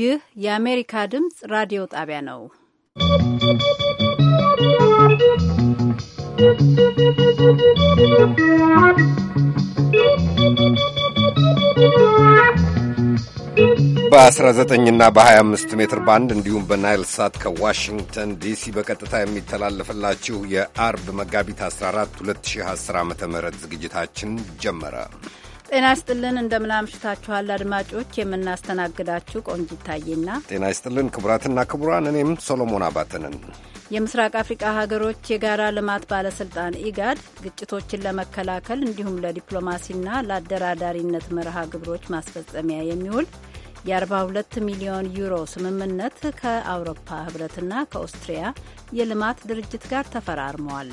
ይህ የአሜሪካ ድምፅ ራዲዮ ጣቢያ ነው። 19 እና በ25 ሜትር ባንድ እንዲሁም በናይል ሳት ከዋሽንግተን ዲሲ በቀጥታ የሚተላለፍላችሁ የአርብ መጋቢት 14 2010 ዓ ም ዝግጅታችን ጀመረ። ጤና ይስጥልን እንደምናምሽታችኋል አድማጮች የምናስተናግዳችሁ ቆንጂት ታዬና ጤና ይስጥልን ክቡራትና ክቡራን እኔም ሶሎሞን አባተንን የምስራቅ አፍሪቃ ሀገሮች የጋራ ልማት ባለስልጣን ኢጋድ ግጭቶችን ለመከላከል እንዲሁም ለዲፕሎማሲና ለአደራዳሪነት መርሃ ግብሮች ማስፈጸሚያ የሚውል የ42 ሚሊዮን ዩሮ ስምምነት ከአውሮፓ ህብረትና ከኦስትሪያ የልማት ድርጅት ጋር ተፈራርመዋል።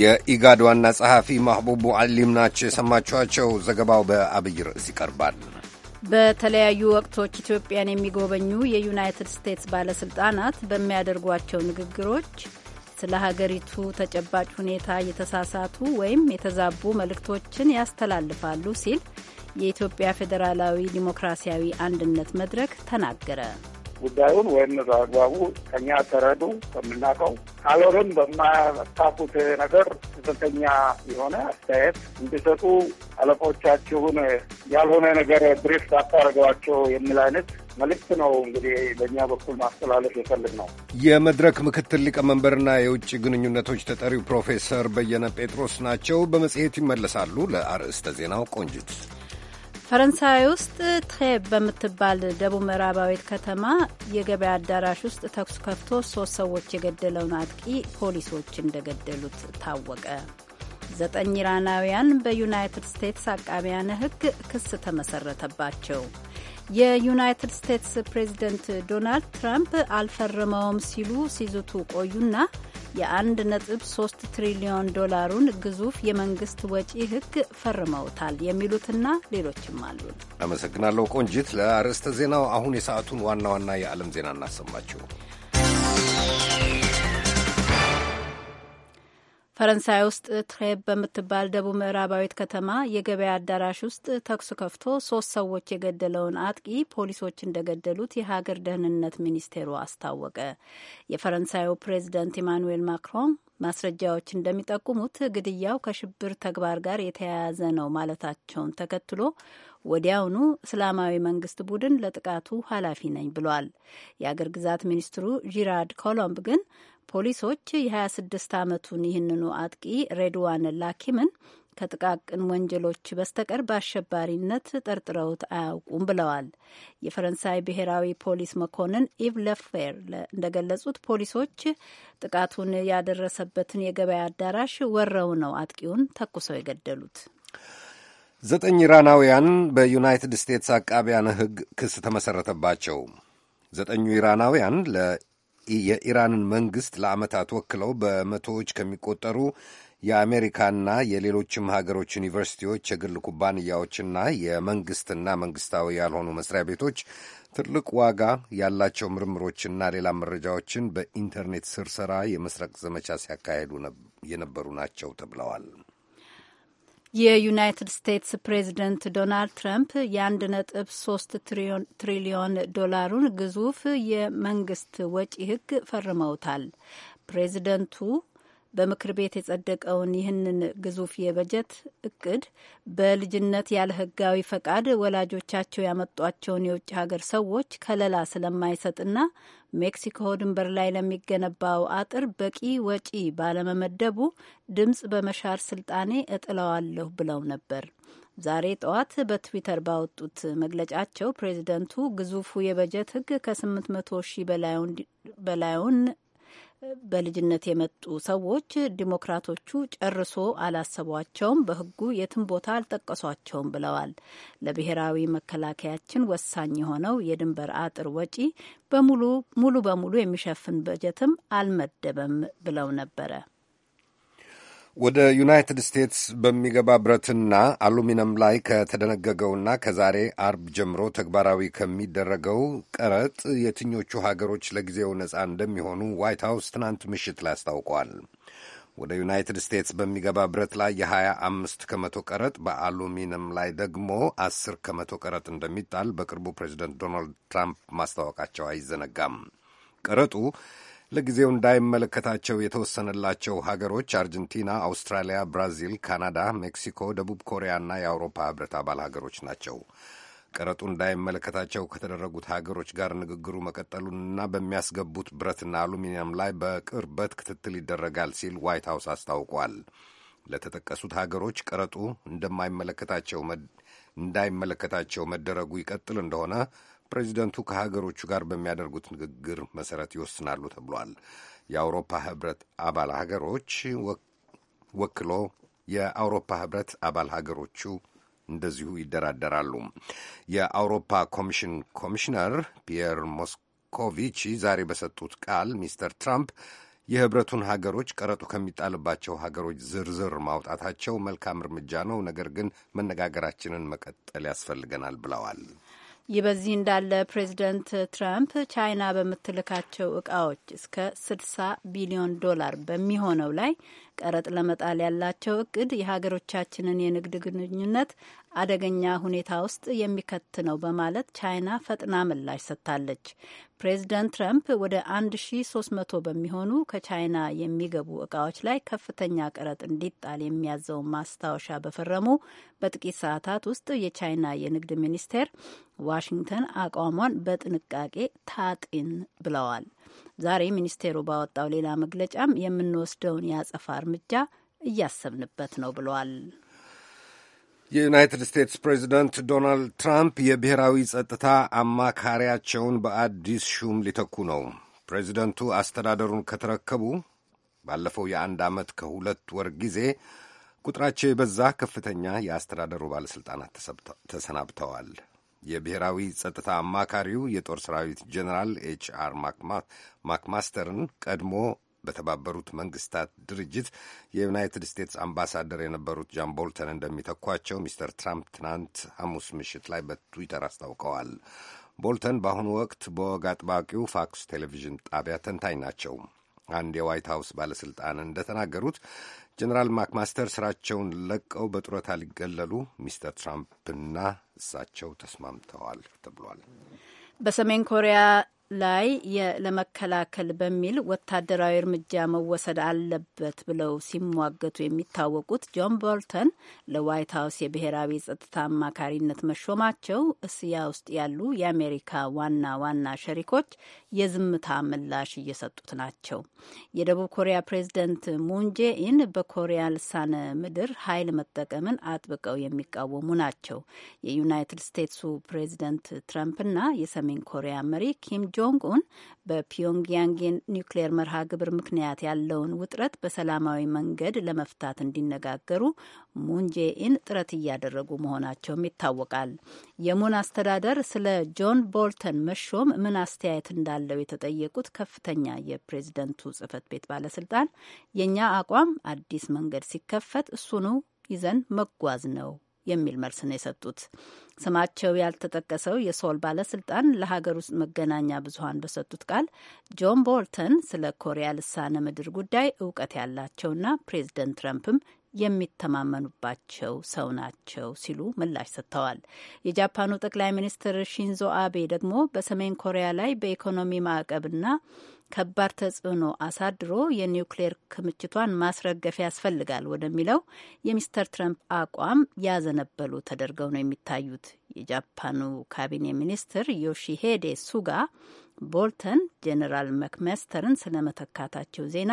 የኢጋድ ዋና ጸሐፊ ማህቡቡ አሊም ናቸው የሰማችኋቸው። ዘገባው በአብይ ርዕስ ይቀርባል። በተለያዩ ወቅቶች ኢትዮጵያን የሚጎበኙ የዩናይትድ ስቴትስ ባለስልጣናት በሚያደርጓቸው ንግግሮች ስለ ሀገሪቱ ተጨባጭ ሁኔታ የተሳሳቱ ወይም የተዛቡ መልእክቶችን ያስተላልፋሉ ሲል የኢትዮጵያ ፌዴራላዊ ዲሞክራሲያዊ አንድነት መድረክ ተናገረ። ጉዳዩን ወይም በአግባቡ ከኛ ተረዱ ከምናውቀው ካልሆነም በማታፉት ነገር ትክክለኛ የሆነ አስተያየት እንዲሰጡ አለቆቻችሁን ያልሆነ ነገር ብሪፍ አታደርገዋቸው የሚል አይነት መልእክት ነው እንግዲህ በእኛ በኩል ማስተላለፍ የፈልግ ነው። የመድረክ ምክትል ሊቀመንበርና የውጭ ግንኙነቶች ተጠሪው ፕሮፌሰር በየነ ጴጥሮስ ናቸው። በመጽሔት ይመለሳሉ። ለአርዕስተ ዜናው ቆንጅት ፈረንሳይ ውስጥ ትሬብ በምትባል ደቡብ ምዕራባዊት ከተማ የገበያ አዳራሽ ውስጥ ተኩስ ከፍቶ ሶስት ሰዎች የገደለውን አጥቂ ፖሊሶች እንደገደሉት ታወቀ። ዘጠኝ ኢራናውያን በዩናይትድ ስቴትስ አቃቢያነ ሕግ ክስ ተመሰረተባቸው። የዩናይትድ ስቴትስ ፕሬዚደንት ዶናልድ ትራምፕ አልፈረመውም ሲሉ ሲዝቱ ቆዩና የአንድ ነጥብ ሶስት ትሪሊዮን ዶላሩን ግዙፍ የመንግስት ወጪ ህግ ፈርመውታል የሚሉትና ሌሎችም አሉን። አመሰግናለሁ ቆንጂት ለአርዕስተ ዜናው። አሁን የሰዓቱን ዋና ዋና የዓለም ዜና እናሰማችሁ። ፈረንሳይ ውስጥ ትሬብ በምትባል ደቡብ ምዕራባዊት ከተማ የገበያ አዳራሽ ውስጥ ተኩስ ከፍቶ ሶስት ሰዎች የገደለውን አጥቂ ፖሊሶች እንደገደሉት የሀገር ደህንነት ሚኒስቴሩ አስታወቀ። የፈረንሳዩ ፕሬዚደንት ኢማኑዌል ማክሮን ማስረጃዎች እንደሚጠቁሙት ግድያው ከሽብር ተግባር ጋር የተያያዘ ነው ማለታቸውን ተከትሎ ወዲያውኑ እስላማዊ መንግስት ቡድን ለጥቃቱ ኃላፊ ነኝ ብሏል። የአገር ግዛት ሚኒስትሩ ጂራርድ ኮሎምብ ግን ፖሊሶች የ26 ዓመቱን ይህንኑ አጥቂ ሬድዋን ላኪምን ከጥቃቅን ወንጀሎች በስተቀር በአሸባሪነት ጠርጥረውት አያውቁም ብለዋል። የፈረንሳይ ብሔራዊ ፖሊስ መኮንን ኢቭ ለፌር እንደገለጹት ፖሊሶች ጥቃቱን ያደረሰበትን የገበያ አዳራሽ ወረው ነው አጥቂውን ተኩሰው የገደሉት። ዘጠኝ ኢራናውያን በዩናይትድ ስቴትስ አቃቢያን ሕግ ክስ ተመሰረተባቸው። ዘጠኙ ኢራናውያን የኢራንን መንግሥት ለዓመታት ወክለው በመቶዎች ከሚቆጠሩ የአሜሪካና የሌሎችም ሀገሮች ዩኒቨርሲቲዎች፣ የግል ኩባንያዎችና የመንግሥትና መንግሥታዊ ያልሆኑ መስሪያ ቤቶች ትልቅ ዋጋ ያላቸው ምርምሮችና ሌላ መረጃዎችን በኢንተርኔት ስርሰራ የመስረቅ ዘመቻ ሲያካሄዱ የነበሩ ናቸው ተብለዋል። የዩናይትድ ስቴትስ ፕሬዚደንት ዶናልድ ትራምፕ የአንድ ነጥብ ሶስት ትሪሊዮን ዶላሩን ግዙፍ የመንግስት ወጪ ህግ ፈርመውታል። ፕሬዚደንቱ በምክር ቤት የጸደቀውን ይህንን ግዙፍ የበጀት እቅድ በልጅነት ያለ ሕጋዊ ፈቃድ ወላጆቻቸው ያመጧቸውን የውጭ ሀገር ሰዎች ከለላ ስለማይሰጥና ሜክሲኮ ድንበር ላይ ለሚገነባው አጥር በቂ ወጪ ባለመመደቡ ድምፅ በመሻር ስልጣኔ እጥለዋለሁ ብለው ነበር። ዛሬ ጠዋት በትዊተር ባወጡት መግለጫቸው ፕሬዚደንቱ ግዙፉ የበጀት ህግ ከ800 ሺህ በላዩን በልጅነት የመጡ ሰዎች ዲሞክራቶቹ ጨርሶ አላሰቧቸውም፣ በህጉ የትም ቦታ አልጠቀሷቸውም ብለዋል። ለብሔራዊ መከላከያችን ወሳኝ የሆነው የድንበር አጥር ወጪ በሙሉ ሙሉ በሙሉ የሚሸፍን በጀትም አልመደበም ብለው ነበረ። ወደ ዩናይትድ ስቴትስ በሚገባ ብረትና አሉሚኒየም ላይ ከተደነገገውና ከዛሬ አርብ ጀምሮ ተግባራዊ ከሚደረገው ቀረጥ የትኞቹ ሀገሮች ለጊዜው ነፃ እንደሚሆኑ ዋይት ሀውስ ትናንት ምሽት ላይ አስታውቀዋል። ወደ ዩናይትድ ስቴትስ በሚገባ ብረት ላይ የ25 ከመቶ ቀረጥ በአሉሚኒየም ላይ ደግሞ 10 ከመቶ ቀረጥ እንደሚጣል በቅርቡ ፕሬዚደንት ዶናልድ ትራምፕ ማስታወቃቸው አይዘነጋም። ቀረጡ ለጊዜው እንዳይመለከታቸው የተወሰነላቸው ሀገሮች አርጀንቲና፣ አውስትራሊያ፣ ብራዚል፣ ካናዳ፣ ሜክሲኮ፣ ደቡብ ኮሪያና የአውሮፓ ህብረት አባል ሀገሮች ናቸው። ቀረጡ እንዳይመለከታቸው ከተደረጉት ሀገሮች ጋር ንግግሩ መቀጠሉንና በሚያስገቡት ብረትና አሉሚኒየም ላይ በቅርበት ክትትል ይደረጋል ሲል ዋይት ሀውስ አስታውቋል። ለተጠቀሱት ሀገሮች ቀረጡ እንደማይመለከታቸው እንዳይመለከታቸው መደረጉ ይቀጥል እንደሆነ ፕሬዚደንቱ ከሀገሮቹ ጋር በሚያደርጉት ንግግር መሰረት ይወስናሉ ተብሏል። የአውሮፓ ህብረት አባል ሀገሮች ወክሎ የአውሮፓ ህብረት አባል ሀገሮቹ እንደዚሁ ይደራደራሉ። የአውሮፓ ኮሚሽን ኮሚሽነር ፒየር ሞስኮቪቺ ዛሬ በሰጡት ቃል ሚስተር ትራምፕ የህብረቱን ሀገሮች ቀረጡ ከሚጣልባቸው ሀገሮች ዝርዝር ማውጣታቸው መልካም እርምጃ ነው፣ ነገር ግን መነጋገራችንን መቀጠል ያስፈልገናል ብለዋል። ይህ በዚህ እንዳለ ፕሬዚደንት ትራምፕ ቻይና በምትልካቸው እቃዎች እስከ 60 ቢሊዮን ዶላር በሚሆነው ላይ ቀረጥ ለመጣል ያላቸው እቅድ የሀገሮቻችንን የንግድ ግንኙነት አደገኛ ሁኔታ ውስጥ የሚከት ነው በማለት ቻይና ፈጥና ምላሽ ሰጥታለች። ፕሬዚደንት ትራምፕ ወደ 1300 በሚሆኑ ከቻይና የሚገቡ እቃዎች ላይ ከፍተኛ ቀረጥ እንዲጣል የሚያዘውን ማስታወሻ በፈረሙ በጥቂት ሰዓታት ውስጥ የቻይና የንግድ ሚኒስቴር ዋሽንግተን አቋሟን በጥንቃቄ ታጢን ብለዋል። ዛሬ ሚኒስቴሩ ባወጣው ሌላ መግለጫም የምንወስደውን የአጸፋ እርምጃ እያሰብንበት ነው ብሏል። የዩናይትድ ስቴትስ ፕሬዚደንት ዶናልድ ትራምፕ የብሔራዊ ጸጥታ አማካሪያቸውን በአዲስ ሹም ሊተኩ ነው። ፕሬዚደንቱ አስተዳደሩን ከተረከቡ ባለፈው የአንድ ዓመት ከሁለት ወር ጊዜ ቁጥራቸው የበዛ ከፍተኛ የአስተዳደሩ ባለሥልጣናት ተሰናብተዋል። የብሔራዊ ጸጥታ አማካሪው የጦር ሰራዊት ጀኔራል ኤች አር ማክማስተርን ቀድሞ በተባበሩት መንግስታት ድርጅት የዩናይትድ ስቴትስ አምባሳደር የነበሩት ጃን ቦልተን እንደሚተኳቸው ሚስተር ትራምፕ ትናንት ሐሙስ ምሽት ላይ በትዊተር አስታውቀዋል። ቦልተን በአሁኑ ወቅት በወግ አጥባቂው ፋክስ ቴሌቪዥን ጣቢያ ተንታኝ ናቸው። አንድ የዋይት ሀውስ ባለሥልጣን እንደተናገሩት ጀኔራል ማክማስተር ስራቸውን ለቀው በጡረታ ሊገለሉ ሚስተር ትራምፕና እሳቸው ተስማምተዋል ተብሏል። በሰሜን ኮሪያ ላይ ለመከላከል በሚል ወታደራዊ እርምጃ መወሰድ አለበት ብለው ሲሟገቱ የሚታወቁት ጆን ቦልተን ለዋይት ሀውስ የብሔራዊ ጸጥታ አማካሪነት መሾማቸው እስያ ውስጥ ያሉ የአሜሪካ ዋና ዋና ሸሪኮች የዝምታ ምላሽ እየሰጡት ናቸው። የደቡብ ኮሪያ ፕሬዚደንት ሙንጄኢን በኮሪያ ልሳነ ምድር ኃይል መጠቀምን አጥብቀው የሚቃወሙ ናቸው። የዩናይትድ ስቴትሱ ፕሬዝደንት ትራምፕና የሰሜን ኮሪያ መሪ ኪም ጆንግ ኡን በፒዮንግያንግ ኒውክሌር መርሃ ግብር ምክንያት ያለውን ውጥረት በሰላማዊ መንገድ ለመፍታት እንዲነጋገሩ ሙንጄኢን ጥረት እያደረጉ መሆናቸውም ይታወቃል። የሙን አስተዳደር ስለ ጆን ቦልተን መሾም ምን አስተያየት እንዳለው የተጠየቁት ከፍተኛ የፕሬዝደንቱ ጽህፈት ቤት ባለስልጣን የእኛ አቋም አዲስ መንገድ ሲከፈት እሱኑ ይዘን መጓዝ ነው የሚል መልስ ነው የሰጡት። ስማቸው ያልተጠቀሰው የሶል ባለስልጣን ለሀገር ውስጥ መገናኛ ብዙኃን በሰጡት ቃል ጆን ቦልተን ስለ ኮሪያ ልሳነ ምድር ጉዳይ እውቀት ያላቸውና ፕሬዚደንት ትረምፕም የሚተማመኑባቸው ሰው ናቸው ሲሉ ምላሽ ሰጥተዋል። የጃፓኑ ጠቅላይ ሚኒስትር ሺንዞ አቤ ደግሞ በሰሜን ኮሪያ ላይ በኢኮኖሚ ማዕቀብና ከባድ ተጽዕኖ አሳድሮ የኒውክሌር ክምችቷን ማስረገፍ ያስፈልጋል ወደሚለው የሚስተር ትረምፕ አቋም ያዘነበሉ ተደርገው ነው የሚታዩት። የጃፓኑ ካቢኔ ሚኒስትር ዮሺሄዴ ሱጋ ቦልተን ጄኔራል መክመስተርን ስለመተካታቸው ዜና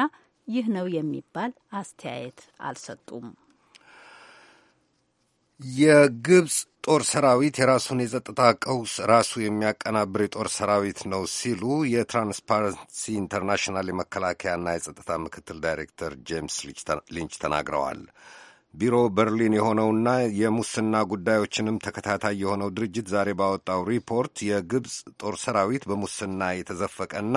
ይህ ነው የሚባል አስተያየት አልሰጡም። የግብፅ ጦር ሰራዊት የራሱን የጸጥታ ቀውስ ራሱ የሚያቀናብር የጦር ሰራዊት ነው ሲሉ የትራንስፓረንሲ ኢንተርናሽናል የመከላከያና የጸጥታ ምክትል ዳይሬክተር ጄምስ ሊንች ተናግረዋል። ቢሮ በርሊን የሆነውና የሙስና ጉዳዮችንም ተከታታይ የሆነው ድርጅት ዛሬ ባወጣው ሪፖርት የግብፅ ጦር ሰራዊት በሙስና የተዘፈቀና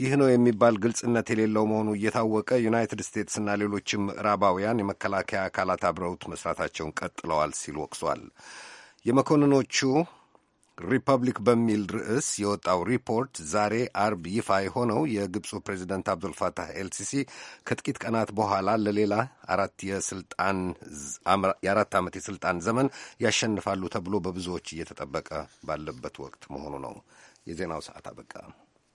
ይህ ነው የሚባል ግልጽነት የሌለው መሆኑ እየታወቀ ዩናይትድ ስቴትስና ሌሎችም ምዕራባውያን የመከላከያ አካላት አብረውት መስራታቸውን ቀጥለዋል ሲል ወቅሷል። የመኮንኖቹ ሪፐብሊክ በሚል ርዕስ የወጣው ሪፖርት ዛሬ አርብ ይፋ የሆነው የግብፁ ፕሬዚደንት አብዱልፋታህ ኤልሲሲ ከጥቂት ቀናት በኋላ ለሌላ የአራት ዓመት የስልጣን ዘመን ያሸንፋሉ ተብሎ በብዙዎች እየተጠበቀ ባለበት ወቅት መሆኑ ነው። የዜናው ሰዓት አበቃ።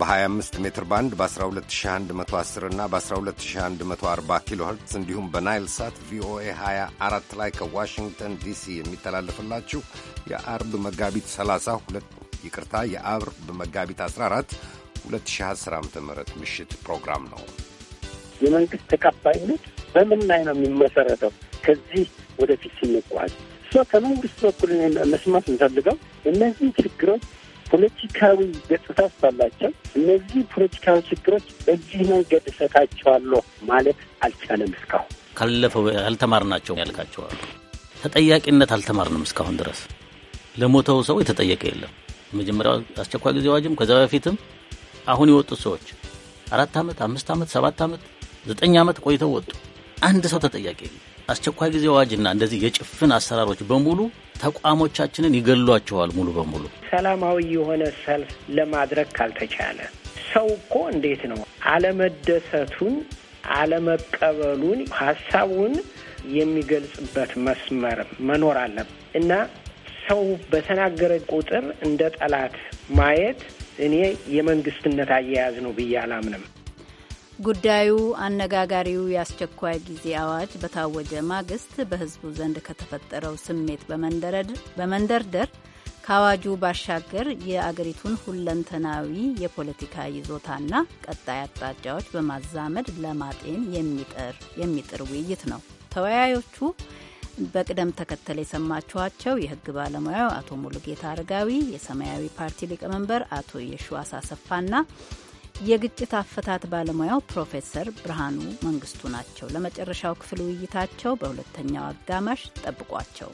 በ25 ሜትር ባንድ በ12110 እና በ12140 ኪሎ ኸርትዝ እንዲሁም በናይል ሳት ቪኦኤ 24 ላይ ከዋሽንግተን ዲሲ የሚተላለፍላችሁ የአርብ መጋቢት 32 ይቅርታ፣ የአርብ መጋቢት 14 2010 ዓ ም ምሽት ፕሮግራም ነው። የመንግስት ተቀባይነት በምን ላይ ነው የሚመሰረተው? ከዚህ ወደፊት ስንጓዝ እሷ ከመንግስት በኩል መስማት እንፈልገው እነዚህ ችግሮች ፖለቲካዊ ገጽታ ስላላቸው እነዚህ ፖለቲካዊ ችግሮች በዚህ መንገድ እሰታቸዋለሁ ማለት አልቻለም። እስካሁን ካለፈው አልተማርናቸው ያልካቸዋል። ተጠያቂነት አልተማርንም እስካሁን ድረስ ለሞተው ሰው የተጠየቀ የለም። መጀመሪያው አስቸኳይ ጊዜ አዋጅም ከዚ በፊትም አሁን የወጡት ሰዎች አራት ዓመት፣ አምስት ዓመት፣ ሰባት ዓመት፣ ዘጠኝ ዓመት ቆይተው ወጡ። አንድ ሰው ተጠያቂ አስቸኳይ ጊዜ አዋጅና እንደዚህ የጭፍን አሰራሮች በሙሉ ተቋሞቻችንን ይገሏቸዋል። ሙሉ በሙሉ ሰላማዊ የሆነ ሰልፍ ለማድረግ ካልተቻለ ሰው እኮ እንዴት ነው አለመደሰቱን፣ አለመቀበሉን፣ ሀሳቡን የሚገልጽበት መስመር መኖር አለበት እና ሰው በተናገረ ቁጥር እንደ ጠላት ማየት እኔ የመንግስትነት አያያዝ ነው ብዬ አላምንም። ጉዳዩ አነጋጋሪው የአስቸኳይ ጊዜ አዋጅ በታወጀ ማግስት በሕዝቡ ዘንድ ከተፈጠረው ስሜት በመንደርደር ከአዋጁ ባሻገር የአገሪቱን ሁለንተናዊ የፖለቲካ ይዞታና ቀጣይ አቅጣጫዎች በማዛመድ ለማጤን የሚጥር ውይይት ነው። ተወያዮቹ በቅደም ተከተል የሰማችኋቸው የህግ ባለሙያው አቶ ሙሉጌታ አረጋዊ፣ የሰማያዊ ፓርቲ ሊቀመንበር አቶ የሺዋስ አሰፋና የግጭት አፈታት ባለሙያው ፕሮፌሰር ብርሃኑ መንግስቱ ናቸው። ለመጨረሻው ክፍል ውይይታቸው በሁለተኛው አጋማሽ ጠብቋቸው።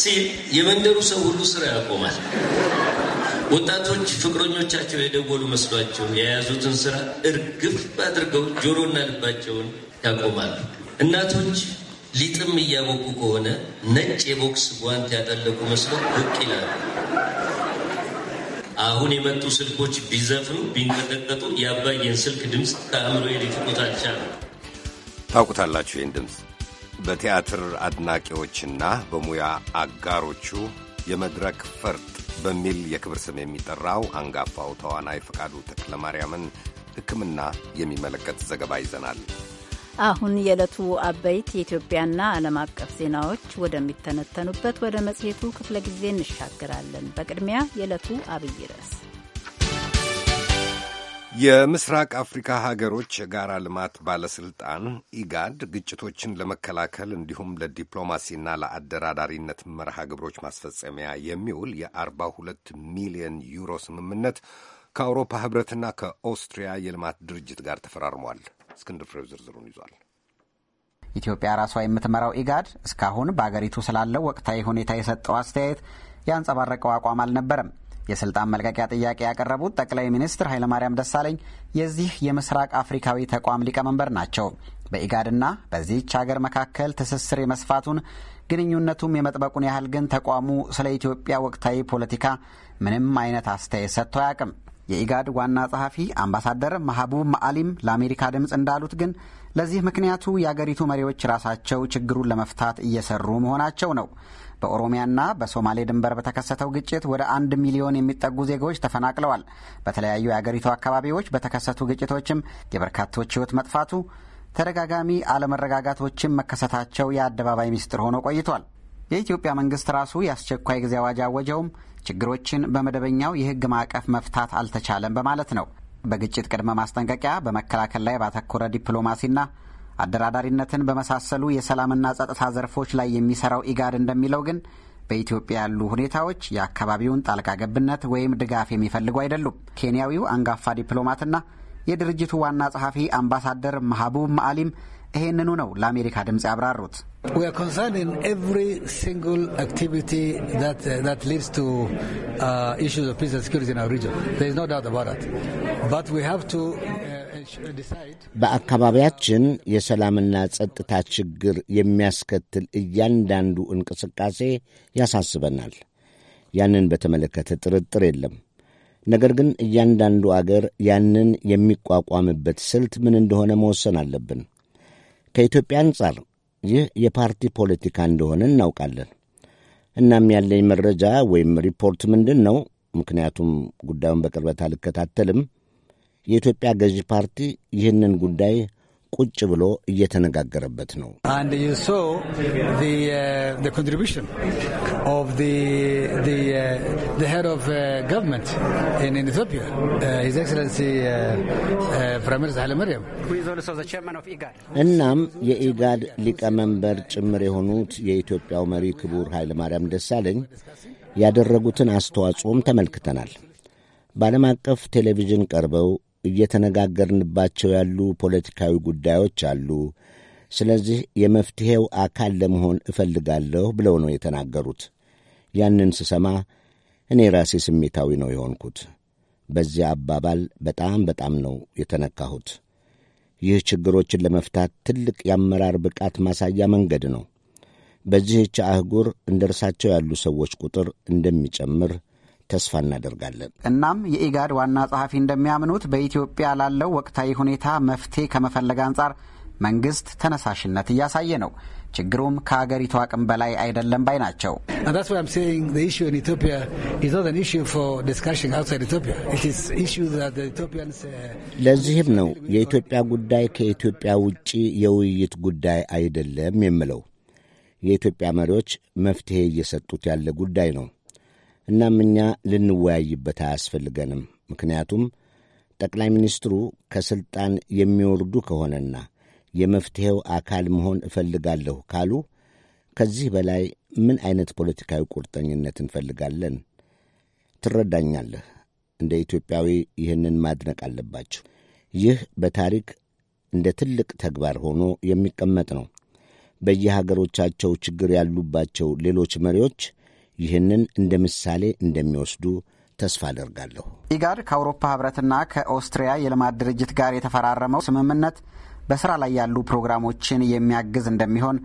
ሲል የመንደሩ ሰው ሁሉ ስራ ያቆማል። ወጣቶች ፍቅረኞቻቸው የደወሉ መስሏቸው የያዙትን ስራ እርግፍ አድርገው ጆሮና ልባቸውን ያቆማሉ። እናቶች ሊጥም እያቦኩ ከሆነ ነጭ የቦክስ ጓንት ያጠለቁ መስሎ ብቅ ይላሉ። አሁን የመጡ ስልኮች ቢዘፍኑ ቢንቀጠቀጡ የአባየን ስልክ ድምፅ ከአእምሮ ሊፍቁት አልቻለም። ታውቁታላችሁ ይህን ድምፅ። በቲያትር አድናቂዎችና በሙያ አጋሮቹ የመድረክ ፈርጥ በሚል የክብር ስም የሚጠራው አንጋፋው ተዋናይ ፈቃዱ ተክለማርያምን ሕክምና የሚመለከት ዘገባ ይዘናል። አሁን የዕለቱ አበይት የኢትዮጵያና ዓለም አቀፍ ዜናዎች ወደሚተነተኑበት ወደ መጽሔቱ ክፍለ ጊዜ እንሻገራለን። በቅድሚያ የዕለቱ አብይ ርዕስ የምስራቅ አፍሪካ ሀገሮች የጋራ ልማት ባለስልጣን ኢጋድ ግጭቶችን ለመከላከል እንዲሁም ለዲፕሎማሲና ለአደራዳሪነት መርሃ ግብሮች ማስፈጸሚያ የሚውል የ42 ሚሊዮን ዩሮ ስምምነት ከአውሮፓ ህብረትና ከኦስትሪያ የልማት ድርጅት ጋር ተፈራርሟል። እስክንድር ፍሬው ዝርዝሩን ይዟል። ኢትዮጵያ ራሷ የምትመራው ኢጋድ እስካሁን በአገሪቱ ስላለው ወቅታዊ ሁኔታ የሰጠው አስተያየት ያንጸባረቀው አቋም አልነበረም። የስልጣን መልቀቂያ ጥያቄ ያቀረቡት ጠቅላይ ሚኒስትር ኃይለማርያም ደሳለኝ የዚህ የምስራቅ አፍሪካዊ ተቋም ሊቀመንበር ናቸው። በኢጋድና በዚህች ሀገር መካከል ትስስር የመስፋቱን ግንኙነቱም የመጥበቁን ያህል ግን ተቋሙ ስለ ኢትዮጵያ ወቅታዊ ፖለቲካ ምንም አይነት አስተያየት ሰጥቶ አያውቅም። የኢጋድ ዋና ጸሐፊ አምባሳደር ማህቡብ ማአሊም ለአሜሪካ ድምፅ እንዳሉት ግን ለዚህ ምክንያቱ የአገሪቱ መሪዎች ራሳቸው ችግሩን ለመፍታት እየሰሩ መሆናቸው ነው። በኦሮሚያና በሶማሌ ድንበር በተከሰተው ግጭት ወደ አንድ ሚሊዮን የሚጠጉ ዜጎች ተፈናቅለዋል። በተለያዩ የአገሪቱ አካባቢዎች በተከሰቱ ግጭቶችም የበርካቶች ሕይወት መጥፋቱ፣ ተደጋጋሚ አለመረጋጋቶችም መከሰታቸው የአደባባይ ምስጢር ሆኖ ቆይቷል። የኢትዮጵያ መንግስት ራሱ የአስቸኳይ ጊዜ አዋጅ አወጀውም ችግሮችን በመደበኛው የህግ ማዕቀፍ መፍታት አልተቻለም በማለት ነው። በግጭት ቅድመ ማስጠንቀቂያ፣ በመከላከል ላይ ባተኮረ ዲፕሎማሲና አደራዳሪነትን በመሳሰሉ የሰላምና ጸጥታ ዘርፎች ላይ የሚሰራው ኢጋድ እንደሚለው ግን በኢትዮጵያ ያሉ ሁኔታዎች የአካባቢውን ጣልቃ ገብነት ወይም ድጋፍ የሚፈልጉ አይደሉም። ኬንያዊው አንጋፋ ዲፕሎማትና የድርጅቱ ዋና ጸሐፊ አምባሳደር ማህቡብ መአሊም ይሄንኑ ነው ለአሜሪካ ድምፅ ያብራሩት። በአካባቢያችን የሰላምና ጸጥታ ችግር የሚያስከትል እያንዳንዱ እንቅስቃሴ ያሳስበናል። ያንን በተመለከተ ጥርጥር የለም። ነገር ግን እያንዳንዱ አገር ያንን የሚቋቋምበት ስልት ምን እንደሆነ መወሰን አለብን። ከኢትዮጵያ አንጻር ይህ የፓርቲ ፖለቲካ እንደሆነ እናውቃለን። እናም ያለኝ መረጃ ወይም ሪፖርት ምንድን ነው? ምክንያቱም ጉዳዩን በቅርበት አልከታተልም። የኢትዮጵያ ገዢ ፓርቲ ይህንን ጉዳይ ቁጭ ብሎ እየተነጋገረበት ነው። uh, uh, uh, እናም የኢጋድ ሊቀመንበር ጭምር የሆኑት የኢትዮጵያው መሪ ክቡር ኃይለማርያም ደሳለኝ ያደረጉትን አስተዋጽኦም ተመልክተናል። በዓለም አቀፍ ቴሌቪዥን ቀርበው እየተነጋገርንባቸው ያሉ ፖለቲካዊ ጉዳዮች አሉ። ስለዚህ የመፍትሔው አካል ለመሆን እፈልጋለሁ ብለው ነው የተናገሩት። ያንን ስሰማ እኔ ራሴ ስሜታዊ ነው የሆንኩት። በዚያ አባባል በጣም በጣም ነው የተነካሁት። ይህ ችግሮችን ለመፍታት ትልቅ የአመራር ብቃት ማሳያ መንገድ ነው። በዚህች አህጉር እንደ እርሳቸው ያሉ ሰዎች ቁጥር እንደሚጨምር ተስፋ እናደርጋለን። እናም የኢጋድ ዋና ጸሐፊ እንደሚያምኑት በኢትዮጵያ ላለው ወቅታዊ ሁኔታ መፍትሄ ከመፈለግ አንጻር መንግስት ተነሳሽነት እያሳየ ነው። ችግሩም ከአገሪቱ አቅም በላይ አይደለም ባይ ናቸው። uh, ለዚህም ነው የኢትዮጵያ ጉዳይ ከኢትዮጵያ ውጪ የውይይት ጉዳይ አይደለም የምለው። የኢትዮጵያ መሪዎች መፍትሄ እየሰጡት ያለ ጉዳይ ነው። እናም እኛ ልንወያይበት አያስፈልገንም። ምክንያቱም ጠቅላይ ሚኒስትሩ ከሥልጣን የሚወርዱ ከሆነና የመፍትሔው አካል መሆን እፈልጋለሁ ካሉ ከዚህ በላይ ምን አይነት ፖለቲካዊ ቁርጠኝነት እንፈልጋለን? ትረዳኛለህ። እንደ ኢትዮጵያዊ ይህንን ማድነቅ አለባችሁ። ይህ በታሪክ እንደ ትልቅ ተግባር ሆኖ የሚቀመጥ ነው። በየሀገሮቻቸው ችግር ያሉባቸው ሌሎች መሪዎች ይህንን እንደ ምሳሌ እንደሚወስዱ ተስፋ አደርጋለሁ። ኢጋድ ከአውሮፓ ህብረትና ከኦስትሪያ የልማት ድርጅት ጋር የተፈራረመው ስምምነት በስራ ላይ ያሉ ፕሮግራሞችን የሚያግዝ እንደሚሆን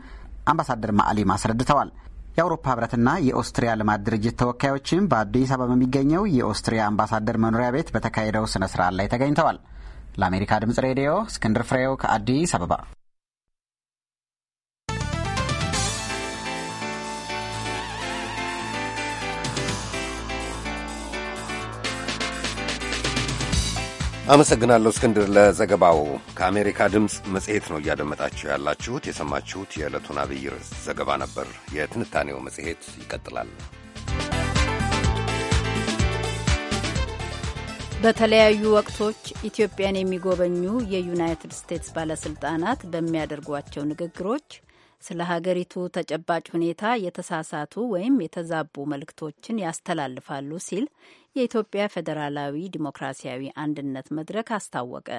አምባሳደር ማዕሊም አስረድተዋል። የአውሮፓ ህብረትና የኦስትሪያ ልማት ድርጅት ተወካዮችም በአዲስ አበባ በሚገኘው የኦስትሪያ አምባሳደር መኖሪያ ቤት በተካሄደው ስነ ስርዓት ላይ ተገኝተዋል። ለአሜሪካ ድምጽ ሬዲዮ እስክንድር ፍሬው ከአዲስ አበባ አመሰግናለሁ እስክንድር ለዘገባው። ከአሜሪካ ድምፅ መጽሔት ነው እያደመጣችሁ ያላችሁት። የሰማችሁት የዕለቱን አብይ ርዕስ ዘገባ ነበር። የትንታኔው መጽሔት ይቀጥላል። በተለያዩ ወቅቶች ኢትዮጵያን የሚጎበኙ የዩናይትድ ስቴትስ ባለስልጣናት በሚያደርጓቸው ንግግሮች ስለ ሀገሪቱ ተጨባጭ ሁኔታ የተሳሳቱ ወይም የተዛቡ መልእክቶችን ያስተላልፋሉ ሲል የኢትዮጵያ ፌዴራላዊ ዲሞክራሲያዊ አንድነት መድረክ አስታወቀ።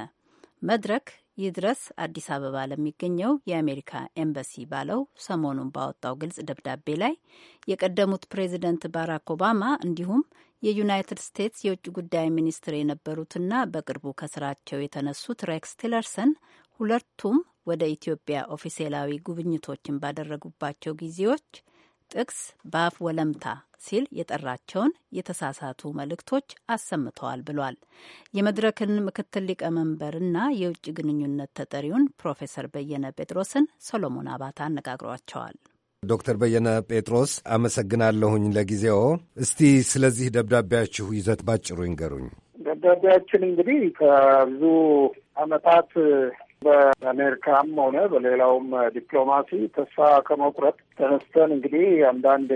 መድረክ ይድረስ አዲስ አበባ ለሚገኘው የአሜሪካ ኤምባሲ ባለው ሰሞኑን ባወጣው ግልጽ ደብዳቤ ላይ የቀደሙት ፕሬዚደንት ባራክ ኦባማ እንዲሁም የዩናይትድ ስቴትስ የውጭ ጉዳይ ሚኒስትር የነበሩትና በቅርቡ ከስራቸው የተነሱት ሬክስ ቲለርሰን ሁለቱም ወደ ኢትዮጵያ ኦፊሴላዊ ጉብኝቶችን ባደረጉባቸው ጊዜዎች ጥቅስ በአፍ ወለምታ ሲል የጠራቸውን የተሳሳቱ መልእክቶች አሰምተዋል ብሏል። የመድረክን ምክትል ሊቀመንበርና የውጭ ግንኙነት ተጠሪውን ፕሮፌሰር በየነ ጴጥሮስን ሰሎሞን አባታ አነጋግሯቸዋል። ዶክተር በየነ ጴጥሮስ አመሰግናለሁኝ ለጊዜው። እስቲ ስለዚህ ደብዳቤያችሁ ይዘት ባጭሩ ይንገሩኝ። ደብዳቤያችን እንግዲህ ከብዙ ዓመታት በአሜሪካም ሆነ በሌላውም ዲፕሎማሲ ተስፋ ከመቁረጥ ተነስተን እንግዲህ አንዳንድ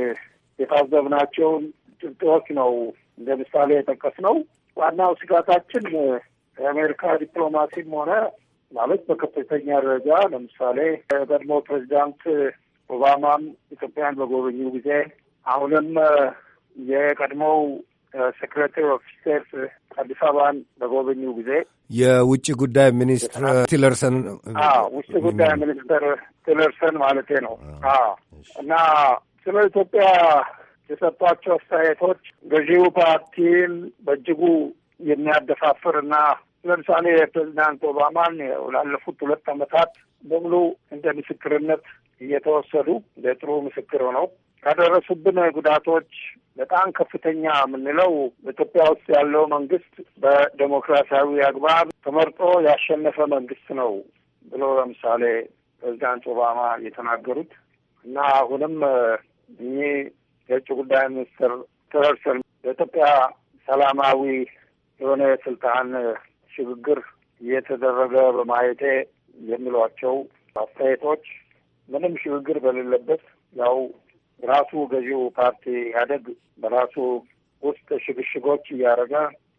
የታዘብናቸውን ጭብጦች ነው እንደ ምሳሌ ነው። ዋናው ስጋታችን የአሜሪካ ዲፕሎማሲም ሆነ ማለት በከፍተኛ ደረጃ ለምሳሌ የቀድሞ ፕሬዚዳንት ኦባማም ኢትዮጵያን በጎበኙ ጊዜ አሁንም የቀድሞው ሴክሬታሪ ኦፍ ስቴት አዲስ አበባን በጎበኙ ጊዜ የውጭ ጉዳይ ሚኒስትር ቲለርሰን ውጭ ጉዳይ ሚኒስትር ቲለርሰን ማለቴ ነው እና ስለ ኢትዮጵያ የሰጧቸው አስተያየቶች ገዢው ፓርቲን በእጅጉ የሚያደፋፍር እና ለምሳሌ የፕሬዚዳንት ኦባማን ላለፉት ሁለት ዓመታት በሙሉ እንደ ምስክርነት እየተወሰዱ ለጥሩ ጥሩ ምስክር ሆነው ከደረሱብን ጉዳቶች በጣም ከፍተኛ የምንለው ኢትዮጵያ ውስጥ ያለው መንግስት በዴሞክራሲያዊ አግባብ ተመርጦ ያሸነፈ መንግስት ነው ብሎ ለምሳሌ ፕሬዚዳንት ኦባማ የተናገሩት እና አሁንም እኚህ የውጭ ጉዳይ ሚኒስትር ቲለርሰን በኢትዮጵያ ሰላማዊ የሆነ የስልጣን ሽግግር እየተደረገ በማየቴ የሚሏቸው አስተያየቶች ምንም ሽግግር በሌለበት ያው ራሱ ገዢው ፓርቲ ያደግ በራሱ ውስጥ ሽግሽጎች እያደረገ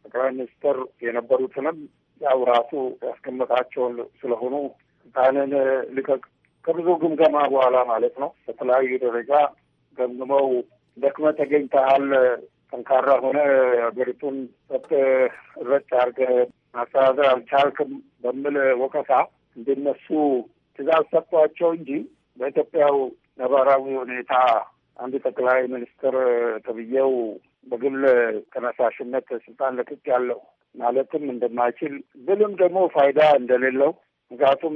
ጠቅላይ ሚኒስትር የነበሩትንም ያው ራሱ ያስቀመጣቸውን ስለሆኑ ስልጣንን ልቀቅ ከብዙ ግምገማ በኋላ ማለት ነው። በተለያዩ ደረጃ ገምግመው ደክመ ተገኝተሃል፣ ጠንካራ ሆነ ሀገሪቱን ጠጥ ረጭ አርገ ማስተዳደር አልቻልክም በሚል ወቀሳ እንዲነሱ ትእዛዝ ሰጥቷቸው እንጂ በኢትዮጵያው ነባራዊ ሁኔታ አንድ ጠቅላይ ሚኒስትር ተብዬው በግል ተነሳሽነት ስልጣን ለቅቅ ያለው ማለትም እንደማይችል ብልም ደግሞ ፋይዳ እንደሌለው ምክንያቱም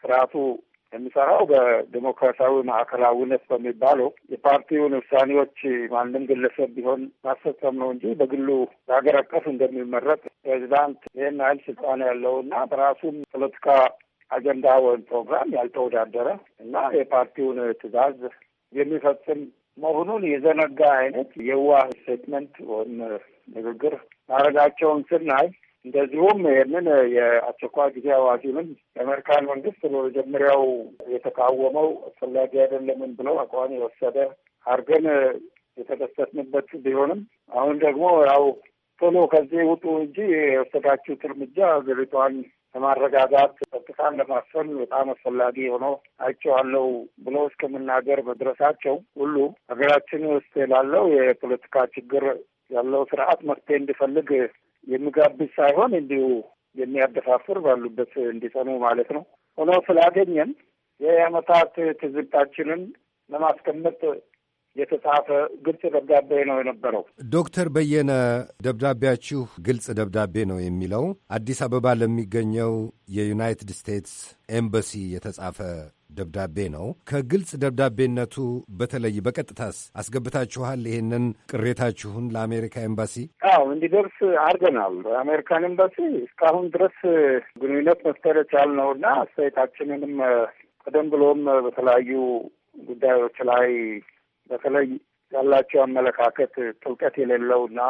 ስርዓቱ የሚሰራው በዲሞክራሲያዊ ማዕከላዊነት በሚባለው የፓርቲውን ውሳኔዎች ማንም ግለሰብ ቢሆን ማስፈጸም ነው እንጂ በግሉ ለሀገር አቀፍ እንደሚመረጥ ፕሬዚዳንት ይህን ያህል ስልጣን ያለው እና በራሱም ፖለቲካ አጀንዳ ወይም ፕሮግራም ያልተወዳደረ እና የፓርቲውን ትዕዛዝ የሚፈጽም መሆኑን የዘነጋ አይነት የዋህ ስቴትመንት ወይም ንግግር ማድረጋቸውን ስናይ እንደዚሁም ይህንን የአስቸኳይ ጊዜ አዋጁንም የአሜሪካን መንግስት በመጀመሪያው የተቃወመው አስፈላጊ አይደለምን ብለው አቋም የወሰደ አድርገን የተደሰትንበት ቢሆንም አሁን ደግሞ ያው ቶሎ ከዚህ ውጡ እንጂ የወሰዳችሁት እርምጃ ሀገሪቷን ለማረጋጋት ጸጥታን ለማስፈን በጣም አስፈላጊ ሆኖ አይቼዋለሁ ብሎ እስከምናገር መድረሳቸው ሁሉ ሀገራችን ውስጥ ላለው የፖለቲካ ችግር ያለው ስርዓት መፍትሄ እንዲፈልግ የሚጋብዝ ሳይሆን እንዲሁ የሚያደፋፍር ባሉበት እንዲጸኑ ማለት ነው ሆኖ ስላገኘን የአመታት ትዝብታችንን ለማስቀመጥ የተጻፈ ግልጽ ደብዳቤ ነው የነበረው። ዶክተር በየነ ደብዳቤያችሁ ግልጽ ደብዳቤ ነው የሚለው አዲስ አበባ ለሚገኘው የዩናይትድ ስቴትስ ኤምባሲ የተጻፈ ደብዳቤ ነው። ከግልጽ ደብዳቤነቱ በተለይ በቀጥታስ አስገብታችኋል? ይሄንን ቅሬታችሁን ለአሜሪካ ኤምባሲ? አዎ እንዲደርስ አድርገናል። አሜሪካን ኤምባሲ እስካሁን ድረስ ግንኙነት መፍጠር የቻልነው እና አስተያየታችንንም ቀደም ብሎም በተለያዩ ጉዳዮች ላይ በተለይ ያላቸው አመለካከት ጥልቀት የሌለው እና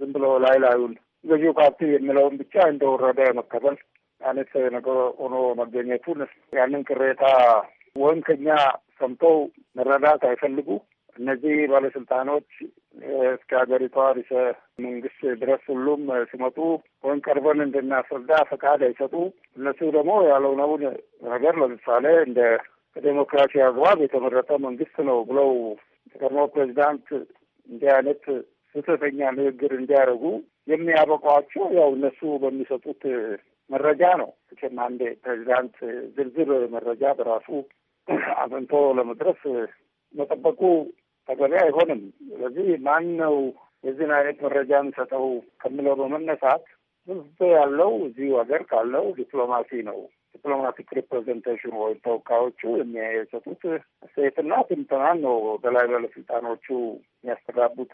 ዝም ብሎ ላይ ላዩን ገዢው ፓርቲ የሚለውን ብቻ እንደወረደ መከተል አይነት ነገር ሆኖ መገኘቱን ያንን ቅሬታ ወይም ከኛ ሰምተው መረዳት አይፈልጉ እነዚህ ባለስልጣኖች እስከ ሀገሪቷ ርዕሰ መንግስት ድረስ ሁሉም ሲመጡ ወይም ቀርበን እንድናስረዳ ፈቃድ አይሰጡ። እነሱ ደግሞ ያለውነውን ነገር ለምሳሌ እንደ ዴሞክራሲ አግባብ የተመረጠ መንግስት ነው ብለው የቀድሞ ፕሬዚዳንት እንዲህ አይነት ስህተተኛ ንግግር እንዲያደርጉ የሚያበቋቸው ያው እነሱ በሚሰጡት መረጃ ነው። መቼም አንድ ፕሬዚዳንት ዝርዝር መረጃ በራሱ አጥንቶ ለመድረስ መጠበቁ ተገቢ አይሆንም። ስለዚህ ማን ነው የዚህን አይነት መረጃ የሚሰጠው ከምለው በመነሳት ህዝብ ያለው እዚሁ ሀገር ካለው ዲፕሎማሲ ነው ዲፕሎማቲክ ሪፕሬዘንቴሽን ወይም ተወካዮቹ የሚሰጡት ሴትና ትንተናን ነው በላይ ባለስልጣኖቹ የሚያስተጋቡት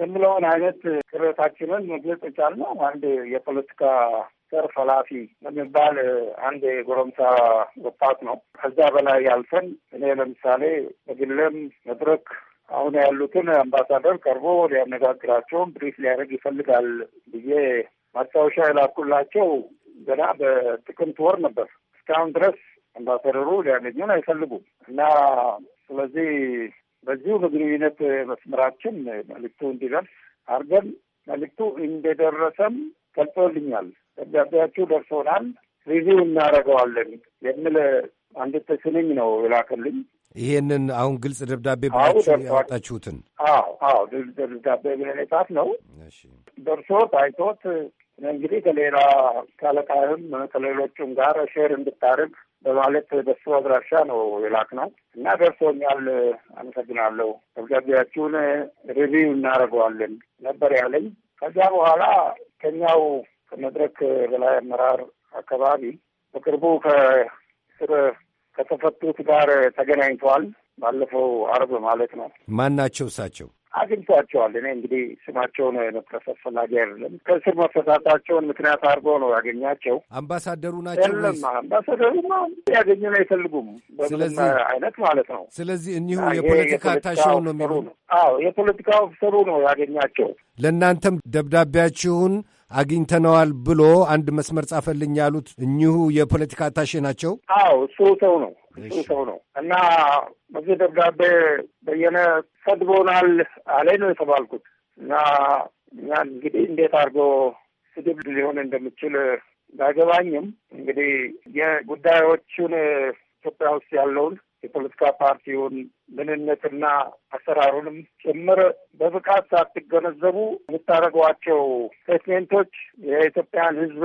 የምለውን አይነት ቅሬታችንን መግለጽ የቻልነው አንድ የፖለቲካ ዘርፍ ኃላፊ የሚባል አንድ የጎረምሳ ወጣት ነው። ከዛ በላይ ያልፈን እኔ ለምሳሌ በግለም መድረክ አሁን ያሉትን አምባሳደር ቀርቦ ሊያነጋግራቸውን ብሪፍ ሊያደርግ ይፈልጋል ብዬ ማስታወሻ የላኩላቸው ገና በጥቅምት ወር ነበር። እስካሁን ድረስ አምባሳደሩ ሊያገኙን አይፈልጉም እና ስለዚህ በዚሁ በግንኙነት መስመራችን መልክቱ እንዲደርስ አድርገን መልክቱ እንደደረሰም ገልጾልኛል። ደብዳቤያችሁ ደርሶናል፣ ሪቪው እናደርገዋለን የሚል አንድ ተስንኝ ነው የላክልኝ። ይሄንን አሁን ግልጽ ደብዳቤ ብላችሁ ያወጣችሁትን? አዎ አዎ፣ ደብዳቤ ብለን የጻፍ ነው። ደርሶት ታይቶት እንግዲህ ከሌላ ካለቃህም ከሌሎቹም ጋር ሼር እንድታደርግ በማለት በሱ አድራሻ ነው የላክ ነው። እና ደርሶኛል። አመሰግናለሁ። ደብዳቤያችሁን ሪቪው እናደርገዋለን ነበር ያለኝ። ከዚያ በኋላ ከኛው ከመድረክ በላይ አመራር አካባቢ በቅርቡ ከስር ከተፈቱት ጋር ተገናኝተዋል። ባለፈው አርብ ማለት ነው። ማን ናቸው እሳቸው? አግኝቷቸዋል። እኔ እንግዲህ ስማቸውን መጥቀስ አስፈላጊ አይደለም። ከእስር መፈታታቸውን ምክንያት አድርጎ ነው ያገኛቸው። አምባሳደሩ ናቸው። የለም አምባሳደሩማ ያገኙን አይፈልጉም። በምንም አይነት ማለት ነው። ስለዚህ እኒሁ የፖለቲካ ታሻው ነው የሚሉ አዎ፣ የፖለቲካ ኦፊሰሩ ነው ያገኛቸው። ለእናንተም ደብዳቤያችሁን አግኝተነዋል ብሎ አንድ መስመር ጻፈልኝ ያሉት እኚሁ የፖለቲካ አታሼ ናቸው። አዎ እሱ ሰው ነው ሰው ነው እና በዚህ ደብዳቤ በየነ ሰድቦናል አለኝ ነው የተባልኩት እና እኛ እንግዲህ እንዴት አድርጎ ስድብ ሊሆን እንደምችል ባይገባኝም እንግዲህ የጉዳዮቹን ኢትዮጵያ ውስጥ ያለውን የፖለቲካ ፓርቲውን ምንነትና አሰራሩንም ጭምር በብቃት ሳትገነዘቡ የምታደርጓቸው ስቴትሜንቶች የኢትዮጵያን ሕዝብ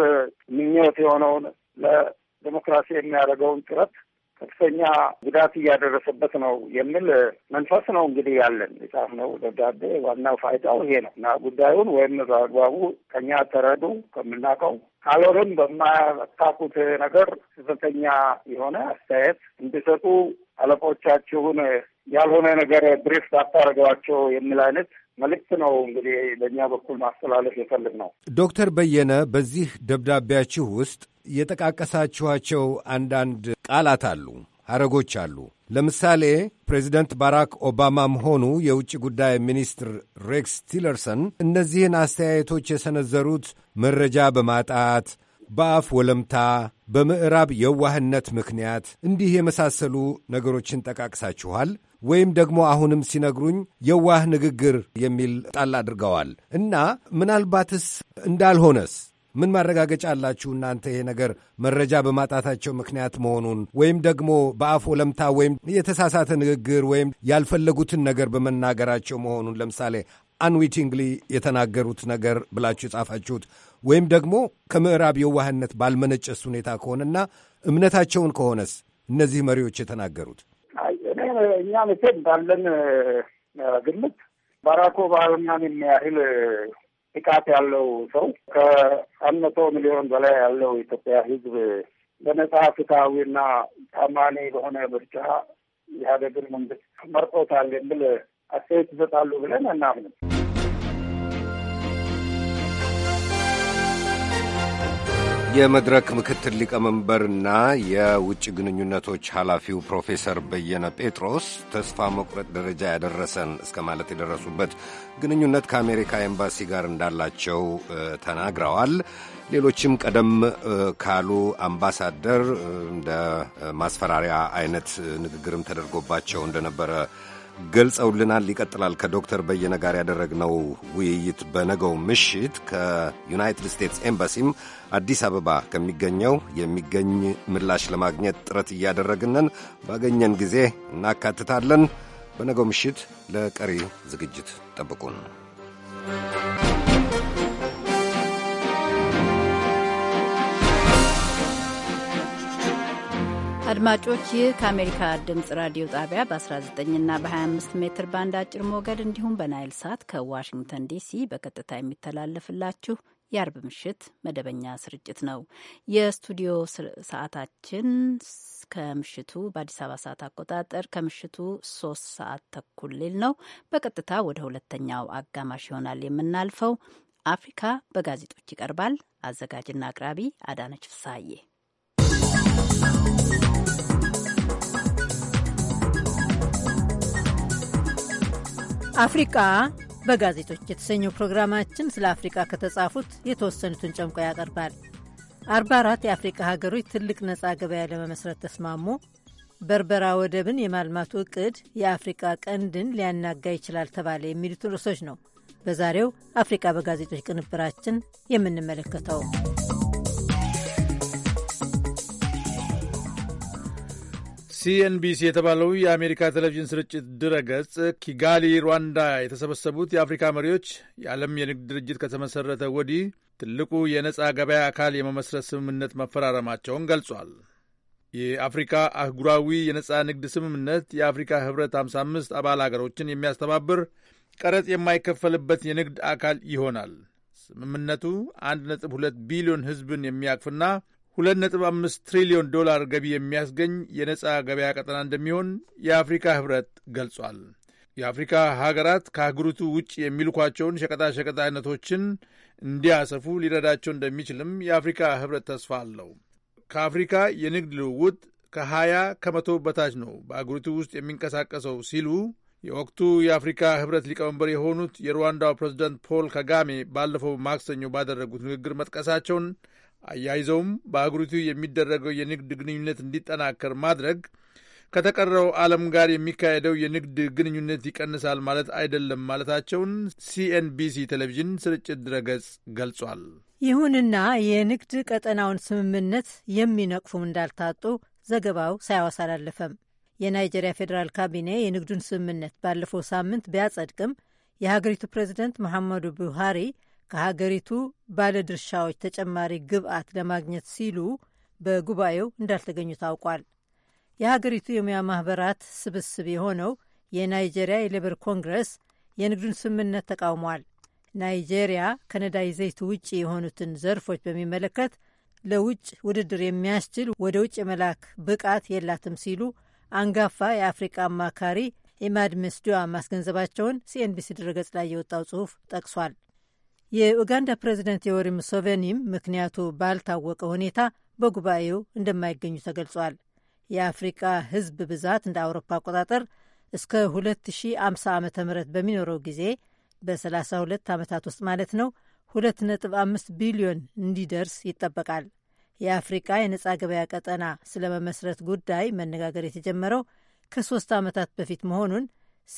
ምኞት የሆነውን ለዲሞክራሲ የሚያደርገውን ጥረት ከፍተኛ ጉዳት እያደረሰበት ነው የሚል መንፈስ ነው እንግዲህ ያለን። የጻፍነው ደብዳቤ ዋናው ፋይዳው ይሄ ነው እና ጉዳዩን ወይም በአግባቡ ከኛ ተረዱ ከምናውቀው ካልሆነም በማያታኩት ነገር ስህተተኛ የሆነ አስተያየት እንዲሰጡ አለቆቻችሁን ያልሆነ ነገር ብሪፍ አታደርገዋቸው የሚል አይነት መልእክት ነው እንግዲህ በእኛ በኩል ማስተላለፍ የፈልግ ነው። ዶክተር በየነ በዚህ ደብዳቤያችሁ ውስጥ የጠቃቀሳችኋቸው አንዳንድ ቃላት አሉ፣ ሀረጎች አሉ። ለምሳሌ ፕሬዚደንት ባራክ ኦባማም ሆኑ የውጭ ጉዳይ ሚኒስትር ሬክስ ቲለርሰን እነዚህን አስተያየቶች የሰነዘሩት መረጃ በማጣት በአፍ ወለምታ፣ በምዕራብ የዋህነት ምክንያት እንዲህ የመሳሰሉ ነገሮችን ጠቃቅሳችኋል። ወይም ደግሞ አሁንም ሲነግሩኝ የዋህ ንግግር የሚል ጣል አድርገዋል እና ምናልባትስ እንዳልሆነስ ምን ማረጋገጫ አላችሁ እናንተ ይሄ ነገር መረጃ በማጣታቸው ምክንያት መሆኑን ወይም ደግሞ በአፍ ወለምታ ወይም የተሳሳተ ንግግር ወይም ያልፈለጉትን ነገር በመናገራቸው መሆኑን ለምሳሌ አንዊቲንግሊ የተናገሩት ነገር ብላችሁ የጻፋችሁት ወይም ደግሞ ከምዕራብ የዋህነት ባልመነጨስ ሁኔታ ከሆነና እምነታቸውን ከሆነስ እነዚህ መሪዎች የተናገሩት እኛ መቼም ባለን ግምት ባራክ ኦባማን የሚያህል ጥቃት ያለው ሰው ከአንድ መቶ ሚሊዮን በላይ ያለው የኢትዮጵያ ሕዝብ በነጻ ፍትሐዊና ታማኒ በሆነ ምርጫ ኢህአዴግን መንግስት መርጦታል የሚል አስተያየት ይሰጣሉ ብለን አናምንም። የመድረክ ምክትል ሊቀመንበርና የውጭ ግንኙነቶች ኃላፊው ፕሮፌሰር በየነ ጴጥሮስ ተስፋ መቁረጥ ደረጃ ያደረሰን እስከ ማለት የደረሱበት ግንኙነት ከአሜሪካ ኤምባሲ ጋር እንዳላቸው ተናግረዋል። ሌሎችም ቀደም ካሉ አምባሳደር እንደ ማስፈራሪያ አይነት ንግግርም ተደርጎባቸው እንደነበረ ገልጸውልናል። ይቀጥላል። ከዶክተር በየነ ጋር ያደረግነው ውይይት በነገው ምሽት ከዩናይትድ ስቴትስ ኤምባሲም አዲስ አበባ ከሚገኘው የሚገኝ ምላሽ ለማግኘት ጥረት እያደረግንን ባገኘን ጊዜ እናካትታለን። በነገው ምሽት ለቀሪ ዝግጅት ጠብቁን። አድማጮች ይህ ከአሜሪካ ድምፅ ራዲዮ ጣቢያ በ19ና በ25 ሜትር ባንድ አጭር ሞገድ እንዲሁም በናይል ሳት ከዋሽንግተን ዲሲ በቀጥታ የሚተላለፍላችሁ የአርብ ምሽት መደበኛ ስርጭት ነው። የስቱዲዮ ሰዓታችን ከምሽቱ በአዲስ አበባ ሰዓት አቆጣጠር ከምሽቱ ሶስት ሰዓት ተኩል ነው። በቀጥታ ወደ ሁለተኛው አጋማሽ ይሆናል የምናልፈው። አፍሪካ በጋዜጦች ይቀርባል። አዘጋጅና አቅራቢ አዳነች ፍሳዬ አፍሪቃ በጋዜጦች የተሰኘው ፕሮግራማችን ስለ አፍሪቃ ከተጻፉት የተወሰኑትን ጨምቆ ያቀርባል። አርባ የአፍሪቃ ሀገሮች ትልቅ ነፃ ገበያ ለመመስረት ተስማሙ፣ በርበራ ወደብን የማልማቱ እቅድ የአፍሪቃ ቀንድን ሊያናጋ ይችላል ተባለ የሚሉት ርዕሶች ነው በዛሬው አፍሪቃ በጋዜጦች ቅንብራችን የምንመለከተው። ሲኤንቢሲ የተባለው የአሜሪካ ቴሌቪዥን ስርጭት ድረገጽ ኪጋሊ ሩዋንዳ የተሰበሰቡት የአፍሪካ መሪዎች የዓለም የንግድ ድርጅት ከተመሠረተ ወዲህ ትልቁ የነፃ ገበያ አካል የመመስረት ስምምነት መፈራረማቸውን ገልጿል። የአፍሪካ አህጉራዊ የነፃ ንግድ ስምምነት የአፍሪካ ህብረት 55 አባል አገሮችን የሚያስተባብር ቀረጽ የማይከፈልበት የንግድ አካል ይሆናል። ስምምነቱ 1.2 ቢሊዮን ሕዝብን የሚያቅፍና 2.5 ትሪሊዮን ዶላር ገቢ የሚያስገኝ የነፃ ገበያ ቀጠና እንደሚሆን የአፍሪካ ህብረት ገልጿል። የአፍሪካ ሀገራት ከአህጉሪቱ ውጭ የሚልኳቸውን ሸቀጣሸቀጥ አይነቶችን እንዲያሰፉ ሊረዳቸው እንደሚችልም የአፍሪካ ህብረት ተስፋ አለው። ከአፍሪካ የንግድ ልውውጥ ከ20 ከመቶ በታች ነው በአህጉሪቱ ውስጥ የሚንቀሳቀሰው ሲሉ የወቅቱ የአፍሪካ ህብረት ሊቀመንበር የሆኑት የሩዋንዳው ፕሬዝዳንት ፖል ከጋሜ ባለፈው ማክሰኞ ባደረጉት ንግግር መጥቀሳቸውን አያይዘውም በአህጉሪቱ የሚደረገው የንግድ ግንኙነት እንዲጠናከር ማድረግ ከተቀረው ዓለም ጋር የሚካሄደው የንግድ ግንኙነት ይቀንሳል ማለት አይደለም ማለታቸውን ሲኤንቢሲ ቴሌቪዥን ስርጭት ድረገጽ ገልጿል። ይሁንና የንግድ ቀጠናውን ስምምነት የሚነቅፉም እንዳልታጡ ዘገባው ሳያወሳ አላለፈም። የናይጄሪያ ፌዴራል ካቢኔ የንግዱን ስምምነት ባለፈው ሳምንት ቢያጸድቅም የሀገሪቱ ፕሬዚደንት መሐመዱ ቡሃሪ ከሀገሪቱ ባለድርሻዎች ተጨማሪ ግብዓት ለማግኘት ሲሉ በጉባኤው እንዳልተገኙ ታውቋል። የሀገሪቱ የሙያ ማኅበራት ስብስብ የሆነው የናይጄሪያ የሌበር ኮንግረስ የንግዱን ስምምነት ተቃውሟል። ናይጄሪያ ከነዳጅ ዘይት ውጭ የሆኑትን ዘርፎች በሚመለከት ለውጭ ውድድር የሚያስችል ወደ ውጭ የመላክ ብቃት የላትም ሲሉ አንጋፋ የአፍሪቃ አማካሪ ኢማድ መስዲዋ ማስገንዘባቸውን ሲኤንቢሲ ድረገጽ ላይ የወጣው ጽሑፍ ጠቅሷል። የኡጋንዳ ፕሬዚደንት የወሪ ሙሴቬኒም ምክንያቱ ባልታወቀ ሁኔታ በጉባኤው እንደማይገኙ ተገልጿል። የአፍሪቃ ሕዝብ ብዛት እንደ አውሮፓ አቆጣጠር እስከ 2050 ዓ ም በሚኖረው ጊዜ በ32 ዓመታት ውስጥ ማለት ነው 2.5 ቢሊዮን እንዲደርስ ይጠበቃል። የአፍሪቃ የነጻ ገበያ ቀጠና ስለ መመስረት ጉዳይ መነጋገር የተጀመረው ከሶስት ዓመታት በፊት መሆኑን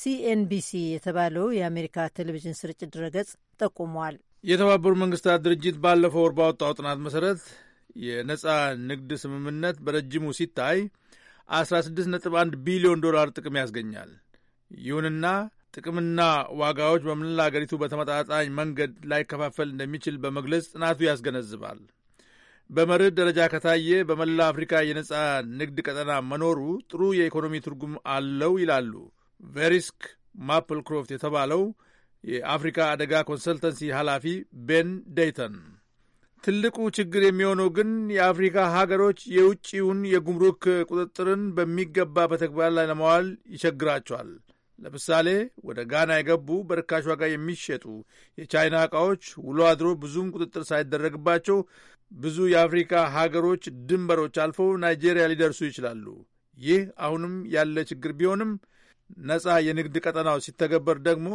ሲኤንቢሲ የተባለው የአሜሪካ ቴሌቪዥን ስርጭት ድረገጽ ጠቁሟል። የተባበሩት መንግስታት ድርጅት ባለፈው ወር ባወጣው ጥናት መሰረት የነጻ ንግድ ስምምነት በረጅሙ ሲታይ 16.1 ቢሊዮን ዶላር ጥቅም ያስገኛል። ይሁንና ጥቅምና ዋጋዎች በመላ አገሪቱ በተመጣጣኝ መንገድ ላይከፋፈል እንደሚችል በመግለጽ ጥናቱ ያስገነዝባል። በመርህ ደረጃ ከታየ በመላ አፍሪካ የነጻ ንግድ ቀጠና መኖሩ ጥሩ የኢኮኖሚ ትርጉም አለው ይላሉ ቬሪስክ ክሮፍት የተባለው የአፍሪካ አደጋ ኮንሰልተንሲ ኃላፊ ቤን ደይተን ትልቁ ችግር የሚሆነው ግን የአፍሪካ ሀገሮች የውጭውን የጉምሩክ ቁጥጥርን በሚገባ በተግባር ላይ ለማዋል ይቸግራቸዋል። ለምሳሌ ወደ ጋና የገቡ በርካሽ ዋጋ የሚሸጡ የቻይና ዕቃዎች ውሎ አድሮ ብዙም ቁጥጥር ሳይደረግባቸው ብዙ የአፍሪካ ሀገሮች ድንበሮች አልፈው ናይጄሪያ ሊደርሱ ይችላሉ። ይህ አሁንም ያለ ችግር ቢሆንም ነጻ የንግድ ቀጠናው ሲተገበር ደግሞ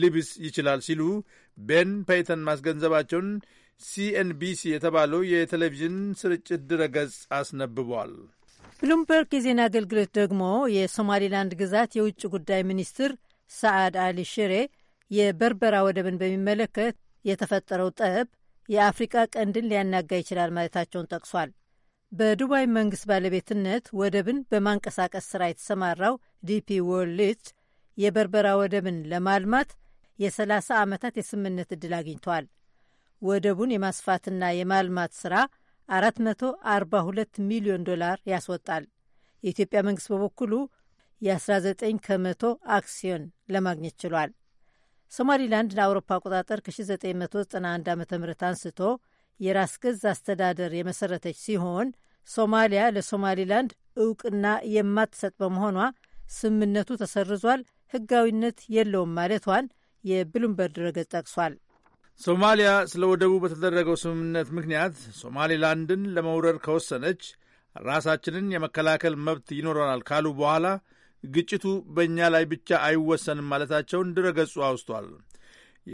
ሊብስ ይችላል ሲሉ ቤን ፔይተን ማስገንዘባቸውን ሲኤንቢሲ የተባለው የቴሌቪዥን ስርጭት ድረገጽ አስነብቧል። ብሉምበርግ የዜና አገልግሎት ደግሞ የሶማሊላንድ ግዛት የውጭ ጉዳይ ሚኒስትር ሰዓድ አሊ ሽሬ የበርበራ ወደብን በሚመለከት የተፈጠረው ጠብ የአፍሪቃ ቀንድን ሊያናጋ ይችላል ማለታቸውን ጠቅሷል። በዱባይ መንግስት ባለቤትነት ወደብን በማንቀሳቀስ ስራ የተሰማራው ዲፒ ወርልድ የበርበራ ወደብን ለማልማት የ30 ዓመታት የስምምነት ዕድል አግኝቷል። ወደቡን የማስፋትና የማልማት ሥራ 442 ሚሊዮን ዶላር ያስወጣል። የኢትዮጵያ መንግሥት በበኩሉ የ19 ከመቶ አክሲዮን ለማግኘት ችሏል። ሶማሊላንድ ለአውሮፓ አቆጣጠር ከ1991 ዓ ም አንስቶ የራስ ገዝ አስተዳደር የመሰረተች ሲሆን ሶማሊያ ለሶማሊላንድ እውቅና የማትሰጥ በመሆኗ ስምምነቱ ተሰርዟል፣ ህጋዊነት የለውም ማለቷን የብሉምበርግ ድረገጽ ጠቅሷል። ሶማሊያ ስለ ወደቡ በተደረገው ስምምነት ምክንያት ሶማሊላንድን ለመውረር ከወሰነች ራሳችንን የመከላከል መብት ይኖረናል ካሉ በኋላ ግጭቱ በእኛ ላይ ብቻ አይወሰንም ማለታቸውን ድረገጹ አውስቷል።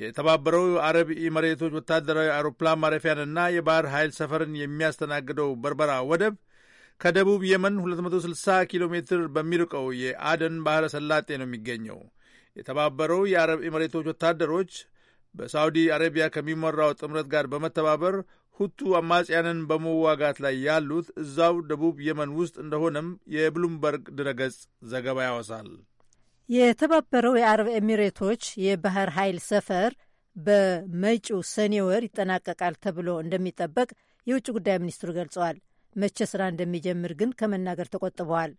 የተባበረው አረብ ኢመሬቶች ወታደራዊ አውሮፕላን ማረፊያንና የባህር ኃይል ሰፈርን የሚያስተናግደው በርበራ ወደብ ከደቡብ የመን 260 ኪሎ ሜትር በሚርቀው የአደን ባህረ ሰላጤ ነው የሚገኘው። የተባበረው የአረብ መሬቶች ወታደሮች በሳውዲ አረቢያ ከሚመራው ጥምረት ጋር በመተባበር ሁቱ አማጽያንን በመዋጋት ላይ ያሉት እዛው ደቡብ የመን ውስጥ እንደሆነም የብሉምበርግ ድረገጽ ዘገባ ያወሳል። የተባበረው የአረብ ኤሚሬቶች የባህር ኃይል ሰፈር በመጪው ሰኔ ወር ይጠናቀቃል ተብሎ እንደሚጠበቅ የውጭ ጉዳይ ሚኒስትሩ ገልጸዋል። መቼ ስራ እንደሚጀምር ግን ከመናገር ተቆጥበዋል።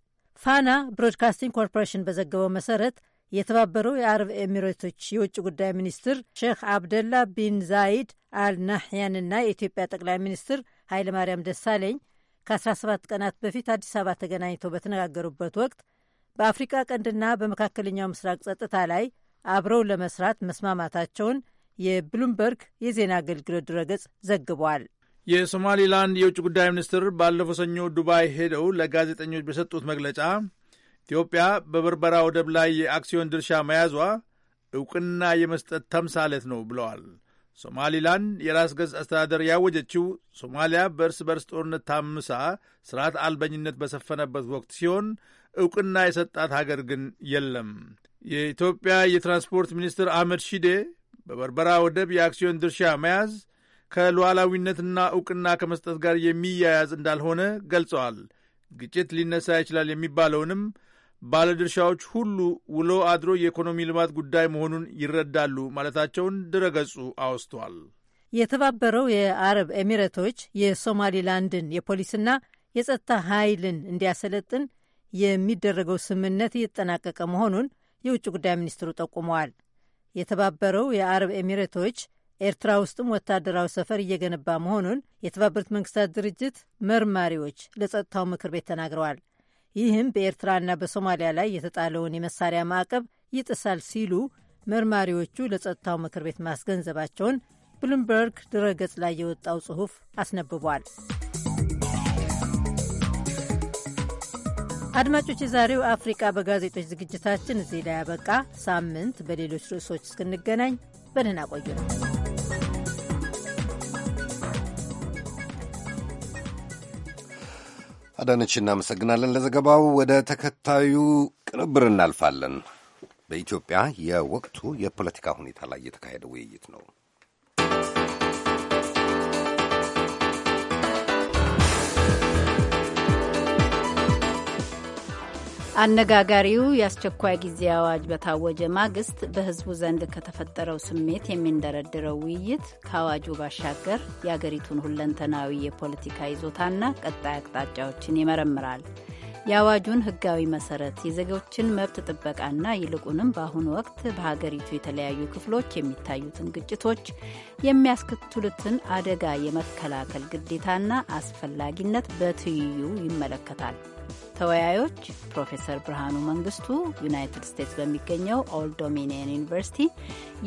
ፋና ብሮድካስቲንግ ኮርፖሬሽን በዘገበው መሰረት የተባበረው የአረብ ኤሚሬቶች የውጭ ጉዳይ ሚኒስትር ሼክ አብደላ ቢን ዛይድ አልናህያንና የኢትዮጵያ ጠቅላይ ሚኒስትር ኃይለማርያም ደሳለኝ ከ17 ቀናት በፊት አዲስ አበባ ተገናኝተው በተነጋገሩበት ወቅት በአፍሪካ ቀንድና በመካከለኛው ምስራቅ ጸጥታ ላይ አብረው ለመስራት መስማማታቸውን የብሉምበርግ የዜና አገልግሎት ድረገጽ ዘግቧል። የሶማሊላንድ የውጭ ጉዳይ ሚኒስትር ባለፈው ሰኞ ዱባይ ሄደው ለጋዜጠኞች በሰጡት መግለጫ ኢትዮጵያ በበርበራ ወደብ ላይ የአክሲዮን ድርሻ መያዟ እውቅና የመስጠት ተምሳሌት ነው ብለዋል። ሶማሊላንድ የራስ ገዝ አስተዳደር ያወጀችው ሶማሊያ በእርስ በርስ ጦርነት ታምሳ ስርዓት አልበኝነት በሰፈነበት ወቅት ሲሆን እውቅና የሰጣት ሀገር ግን የለም። የኢትዮጵያ የትራንስፖርት ሚኒስትር አህመድ ሺዴ በበርበራ ወደብ የአክሲዮን ድርሻ መያዝ ከሉዓላዊነትና እውቅና ከመስጠት ጋር የሚያያዝ እንዳልሆነ ገልጸዋል። ግጭት ሊነሳ ይችላል የሚባለውንም ባለድርሻዎች ሁሉ ውሎ አድሮ የኢኮኖሚ ልማት ጉዳይ መሆኑን ይረዳሉ ማለታቸውን ድረገጹ አወስቷል። የተባበረው የአረብ ኤሚሬቶች የሶማሊላንድን የፖሊስና የጸጥታ ኃይልን እንዲያሰለጥን የሚደረገው ስምምነት እየተጠናቀቀ መሆኑን የውጭ ጉዳይ ሚኒስትሩ ጠቁመዋል። የተባበረው የአረብ ኤሚሬቶች ኤርትራ ውስጥም ወታደራዊ ሰፈር እየገነባ መሆኑን የተባበሩት መንግስታት ድርጅት መርማሪዎች ለጸጥታው ምክር ቤት ተናግረዋል። ይህም በኤርትራና በሶማሊያ ላይ የተጣለውን የመሳሪያ ማዕቀብ ይጥሳል ሲሉ መርማሪዎቹ ለጸጥታው ምክር ቤት ማስገንዘባቸውን ብሉምበርግ ድረገጽ ላይ የወጣው ጽሑፍ አስነብቧል። አድማጮች፣ የዛሬው አፍሪቃ በጋዜጦች ዝግጅታችን እዚህ ላይ ያበቃ። ሳምንት በሌሎች ርዕሶች እስክንገናኝ በደህና ቆዩ ነው። አዳነች፣ እናመሰግናለን ለዘገባው። ወደ ተከታዩ ቅንብር እናልፋለን። በኢትዮጵያ የወቅቱ የፖለቲካ ሁኔታ ላይ የተካሄደ ውይይት ነው። አነጋጋሪው የአስቸኳይ ጊዜ አዋጅ በታወጀ ማግስት በሕዝቡ ዘንድ ከተፈጠረው ስሜት የሚንደረድረው ውይይት ከአዋጁ ባሻገር የአገሪቱን ሁለንተናዊ የፖለቲካ ይዞታና ቀጣይ አቅጣጫዎችን ይመረምራል። የአዋጁን ሕጋዊ መሰረት፣ የዜጎችን መብት ጥበቃና ይልቁንም በአሁኑ ወቅት በሀገሪቱ የተለያዩ ክፍሎች የሚታዩትን ግጭቶች የሚያስከትሉትን አደጋ የመከላከል ግዴታና አስፈላጊነት በትይዩ ይመለከታል። ተወያዮች ፕሮፌሰር ብርሃኑ መንግስቱ ዩናይትድ ስቴትስ በሚገኘው ኦልድ ዶሚኒየን ዩኒቨርሲቲ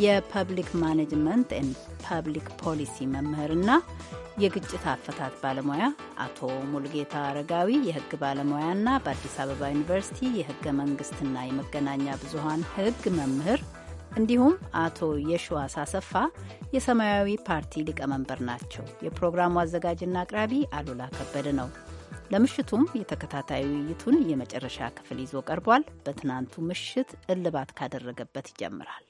የፐብሊክ ማኔጅመንት ኤንድ ፐብሊክ ፖሊሲ መምህርና የግጭት አፈታት ባለሙያ አቶ ሙልጌታ አረጋዊ የህግ ባለሙያና በአዲስ አበባ ዩኒቨርሲቲ የህገ መንግስትና የመገናኛ ብዙሀን ህግ መምህር እንዲሁም አቶ የሸዋስ አሰፋ የሰማያዊ ፓርቲ ሊቀመንበር ናቸው። የፕሮግራሙ አዘጋጅና አቅራቢ አሉላ ከበደ ነው። ለምሽቱም የተከታታይ ውይይቱን የመጨረሻ ክፍል ይዞ ቀርቧል። በትናንቱ ምሽት እልባት ካደረገበት ይጀምራል።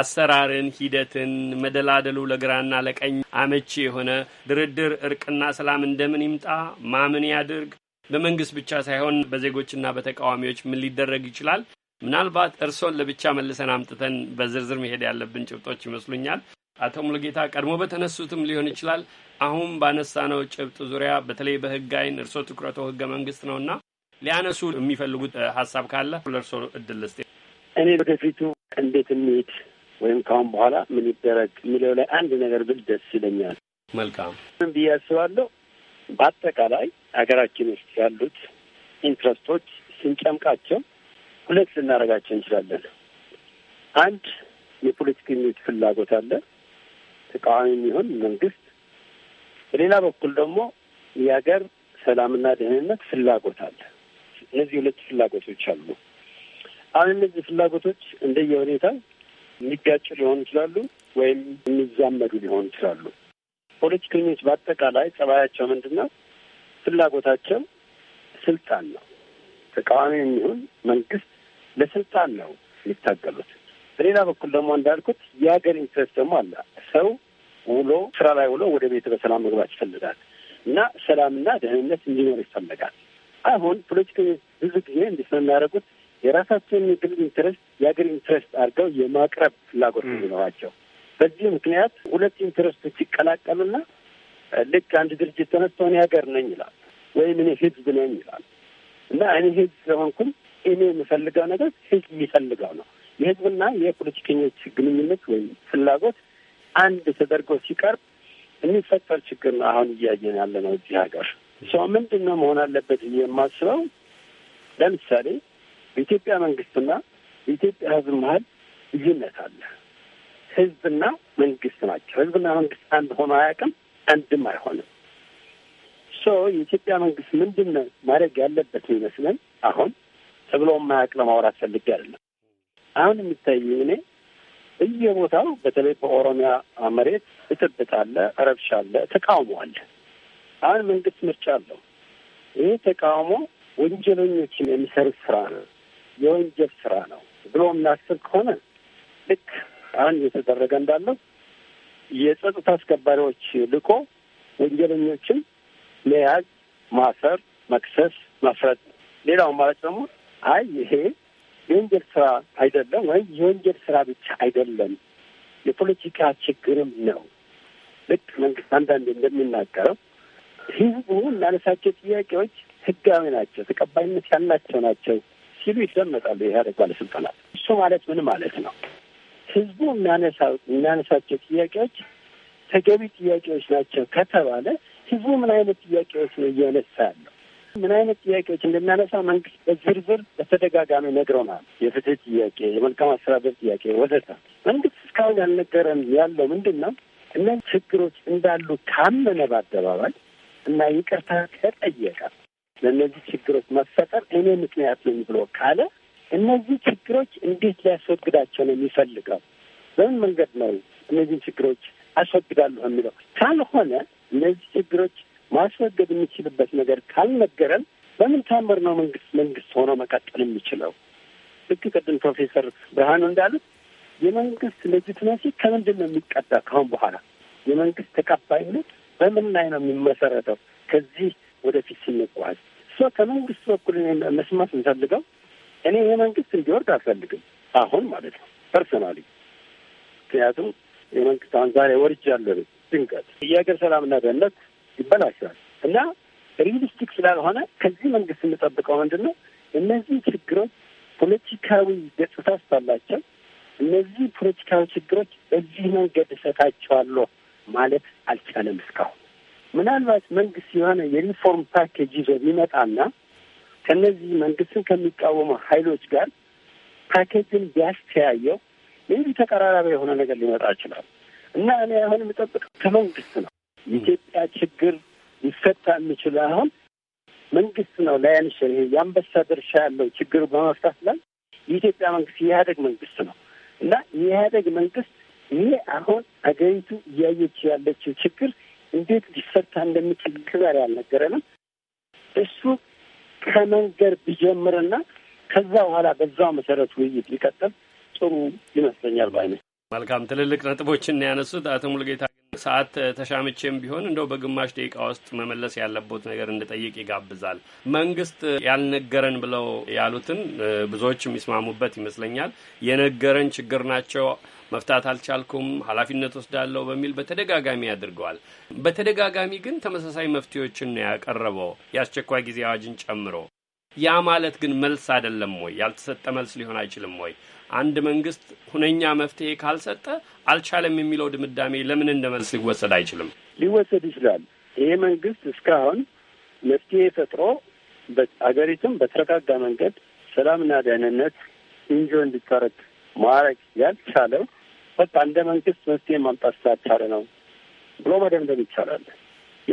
አሰራርን፣ ሂደትን፣ መደላደሉ ለግራና ለቀኝ አመቺ የሆነ ድርድር፣ እርቅና ሰላም እንደምን ይምጣ፣ ማምን ያድርግ፣ በመንግስት ብቻ ሳይሆን በዜጎችና በተቃዋሚዎች ምን ሊደረግ ይችላል። ምናልባት እርሶን ለብቻ መልሰን አምጥተን በዝርዝር መሄድ ያለብን ጭብጦች ይመስሉኛል። አቶ ሙሉጌታ ቀድሞ በተነሱትም ሊሆን ይችላል አሁን ባነሳነው ጭብጥ ዙሪያ በተለይ በህግ አይን እርሶ ትኩረቶ ህገ መንግስት ነውና ሊያነሱ የሚፈልጉት ሀሳብ ካለ ለእርሶ እድል ልስጥ። እኔ ወደፊቱ እንዴት እንሂድ ወይም ካሁን በኋላ ምን ይደረግ የሚለው ላይ አንድ ነገር ብል ደስ ይለኛል። መልካም ብዬ አስባለሁ። በአጠቃላይ ሀገራችን ውስጥ ያሉት ኢንትረስቶች ስንጨምቃቸው ሁለት ልናደርጋቸው እንችላለን። አንድ የፖለቲከኞች ፍላጎት አለ። ተቃዋሚ የሚሆን መንግስት፣ በሌላ በኩል ደግሞ የሀገር ሰላምና ደህንነት ፍላጎት አለ። እነዚህ ሁለት ፍላጎቶች አሉ። አሁን እነዚህ ፍላጎቶች እንደየሁኔታ የሚጋጩ ሊሆኑ ይችላሉ ወይም የሚዛመዱ ሊሆኑ ይችላሉ። ፖለቲከኞች በአጠቃላይ ጸባያቸው ምንድን ነው? ፍላጎታቸው ስልጣን ነው። ተቃዋሚ የሚሆን መንግስት ለስልጣን ነው የሚታገሉት። በሌላ በኩል ደግሞ እንዳልኩት የሀገር ኢንትረስት ደግሞ አለ። ሰው ውሎ ስራ ላይ ውሎ ወደ ቤት በሰላም መግባት ይፈልጋል እና ሰላምና ደህንነት እንዲኖር ይፈልጋል። አሁን ፖለቲከኞች ብዙ ጊዜ እንዲህ ስለሚያደርጉት የራሳቸውን የግል ኢንትረስት የሀገር ኢንትረስት አድርገው የማቅረብ ፍላጎት እንዲኖራቸው በዚህ ምክንያት ሁለት ኢንትረስቶች ይቀላቀሉና ልክ አንድ ድርጅት ተነስቶ እኔ ሀገር ነኝ ይላል ወይም እኔ ህዝብ ነኝ ይላል እና እኔ ህዝብ ስለሆንኩም እኔ የምፈልገው ነገር ህዝብ የሚፈልገው ነው የህዝብና የፖለቲከኞች ግንኙነት ወይም ፍላጎት አንድ ተደርጎ ሲቀርብ የሚፈጠር ችግር ነው። አሁን እያየን ያለ ነው እዚህ ሀገር። ሰው ምንድን ነው መሆን አለበት የማስበው ለምሳሌ በኢትዮጵያ መንግስትና በኢትዮጵያ ህዝብ መሀል ልዩነት አለ። ህዝብና መንግስት ናቸው። ህዝብና መንግስት አንድ ሆኖ አያውቅም፣ አንድም አይሆንም። ሶ የኢትዮጵያ መንግስት ምንድን ማድረግ ያለበት ይመስለን አሁን ተብሎ የማያውቅ ለማውራት ፈልጌ አይደለም። አሁን የሚታየኝ እኔ እየቦታው በተለይ በኦሮሚያ መሬት ብጥብጥ አለ፣ ረብሻ አለ፣ ተቃውሞ አለ። አሁን መንግስት ምርጫ አለው። ይህ ተቃውሞ ወንጀለኞችን የሚሰሩት ስራ ነው፣ የወንጀል ስራ ነው ብሎ የምናስብ ከሆነ ልክ አሁን እየተደረገ እንዳለው የጸጥታ አስከባሪዎች ልቆ ወንጀለኞችን መያዝ፣ ማሰር፣ መክሰስ፣ ማፍረድ ሌላው ማለት ደግሞ አይ ይሄ የወንጀል ስራ አይደለም ወይም የወንጀል ስራ ብቻ አይደለም፣ የፖለቲካ ችግርም ነው። ልክ መንግስት አንዳንድ እንደሚናገረው ህዝቡ እናነሳቸው ጥያቄዎች ህጋዊ ናቸው፣ ተቀባይነት ያላቸው ናቸው ሲሉ ይደመጣሉ የኢህአዴግ ባለስልጣናት። እሱ ማለት ምን ማለት ነው? ህዝቡ እናነሳቸው ጥያቄዎች ተገቢ ጥያቄዎች ናቸው ከተባለ ህዝቡ ምን አይነት ጥያቄዎች ነው እያነሳ ያለው? ምን አይነት ጥያቄዎች እንደሚያነሳ መንግስት በዝርዝር በተደጋጋሚ ነግረናል። የፍትህ ጥያቄ፣ የመልካም አስተዳደር ጥያቄ ወዘተ። መንግስት እስካሁን ያልነገረን ያለው ምንድን ነው? እነዚህ ችግሮች እንዳሉ ካመነ በአደባባይ እና ይቅርታ ከጠየቀ ለእነዚህ ችግሮች መፈጠር እኔ ምክንያት ነኝ ብሎ ካለ እነዚህ ችግሮች እንዴት ሊያስወግዳቸው ነው የሚፈልገው? በምን መንገድ ነው እነዚህን ችግሮች አስወግዳለሁ የሚለው? ካልሆነ እነዚህ ችግሮች ማስወገድ የሚችልበት ነገር ካልነገረን በምን ታምር ነው መንግስት መንግስት ሆኖ መቀጠል የሚችለው? ልክ ቅድም ፕሮፌሰር ብርሃኑ እንዳሉት የመንግስት ሌጂትመሲ ከምንድን ነው የሚቀዳ? ካሁን በኋላ የመንግስት ተቀባይነት በምን ላይ ነው የሚመሰረተው? ከዚህ ወደፊት ስንጓዝ እሶ ከመንግስት በኩል መስማት እንፈልገው። እኔ ይሄ መንግስት እንዲወርድ አልፈልግም፣ አሁን ማለት ነው ፐርሶናሊ። ምክንያቱም የመንግስት አሁን ዛሬ ወርጃለሁ ድንቀት የሀገር ሰላምና ደህንነት ይበላሻል እና ሪሊስቲክ ስላልሆነ ከዚህ መንግስት የምጠብቀው ምንድን ነው? እነዚህ ችግሮች ፖለቲካዊ ገጽታ ስላላቸው እነዚህ ፖለቲካዊ ችግሮች በዚህ መንገድ እሰጣቸዋለሁ ማለት አልቻለም እስካሁን። ምናልባት መንግስት የሆነ የሪፎርም ፓኬጅ ይዞ ቢመጣና ከእነዚህ መንግስትን ከሚቃወሙ ኃይሎች ጋር ፓኬጅን ቢያስተያየው ይህ ተቀራራቢ የሆነ ነገር ሊመጣ ይችላል እና እኔ አሁን የምጠብቀው ከመንግስት ነው የኢትዮጵያ ችግር ሊፈታ የሚችል አሁን መንግስት ነው ላያንሽ ይሄ የአንበሳ ድርሻ ያለው ችግሩ በመፍታት ላይ የኢትዮጵያ መንግስት የኢህአደግ መንግስት ነው እና የኢህአደግ መንግስት ይሄ አሁን አገሪቱ እያየች ያለችው ችግር እንዴት ሊፈታ እንደሚችል ክበር ያልነገረንም እሱ ከመንገድ ቢጀምርና ከዛ በኋላ በዛው መሰረት ውይይት ሊቀጥል ጥሩ ይመስለኛል ባይነት መልካም ትልልቅ ነጥቦችን ያነሱት አቶ ሙልጌታ ግን ሰዓት ተሻምቼም ቢሆን እንደው በግማሽ ደቂቃ ውስጥ መመለስ ያለቦት ነገር እንድጠይቅ ይጋብዛል። መንግስት ያልነገረን ብለው ያሉትን ብዙዎች የሚስማሙበት ይመስለኛል። የነገረን ችግር ናቸው መፍታት አልቻልኩም፣ ኃላፊነት ወስዳለሁ በሚል በተደጋጋሚ አድርገዋል። በተደጋጋሚ ግን ተመሳሳይ መፍትሄዎችን ነው ያቀረበው የአስቸኳይ ጊዜ አዋጅን ጨምሮ። ያ ማለት ግን መልስ አይደለም ወይ? ያልተሰጠ መልስ ሊሆን አይችልም ወይ? አንድ መንግስት ሁነኛ መፍትሄ ካልሰጠ አልቻለም የሚለው ድምዳሜ ለምን እንደ መልስ ሊወሰድ አይችልም? ሊወሰድ ይችላል። ይሄ መንግስት እስካሁን መፍትሄ ፈጥሮ አገሪቱም በተረጋጋ መንገድ ሰላምና ደህንነት እንጆ እንዲታረግ ማድረግ ያልቻለው በቃ እንደ መንግስት መፍትሄ ማምጣት ስላልቻለ ነው ብሎ መደምደም ይቻላል።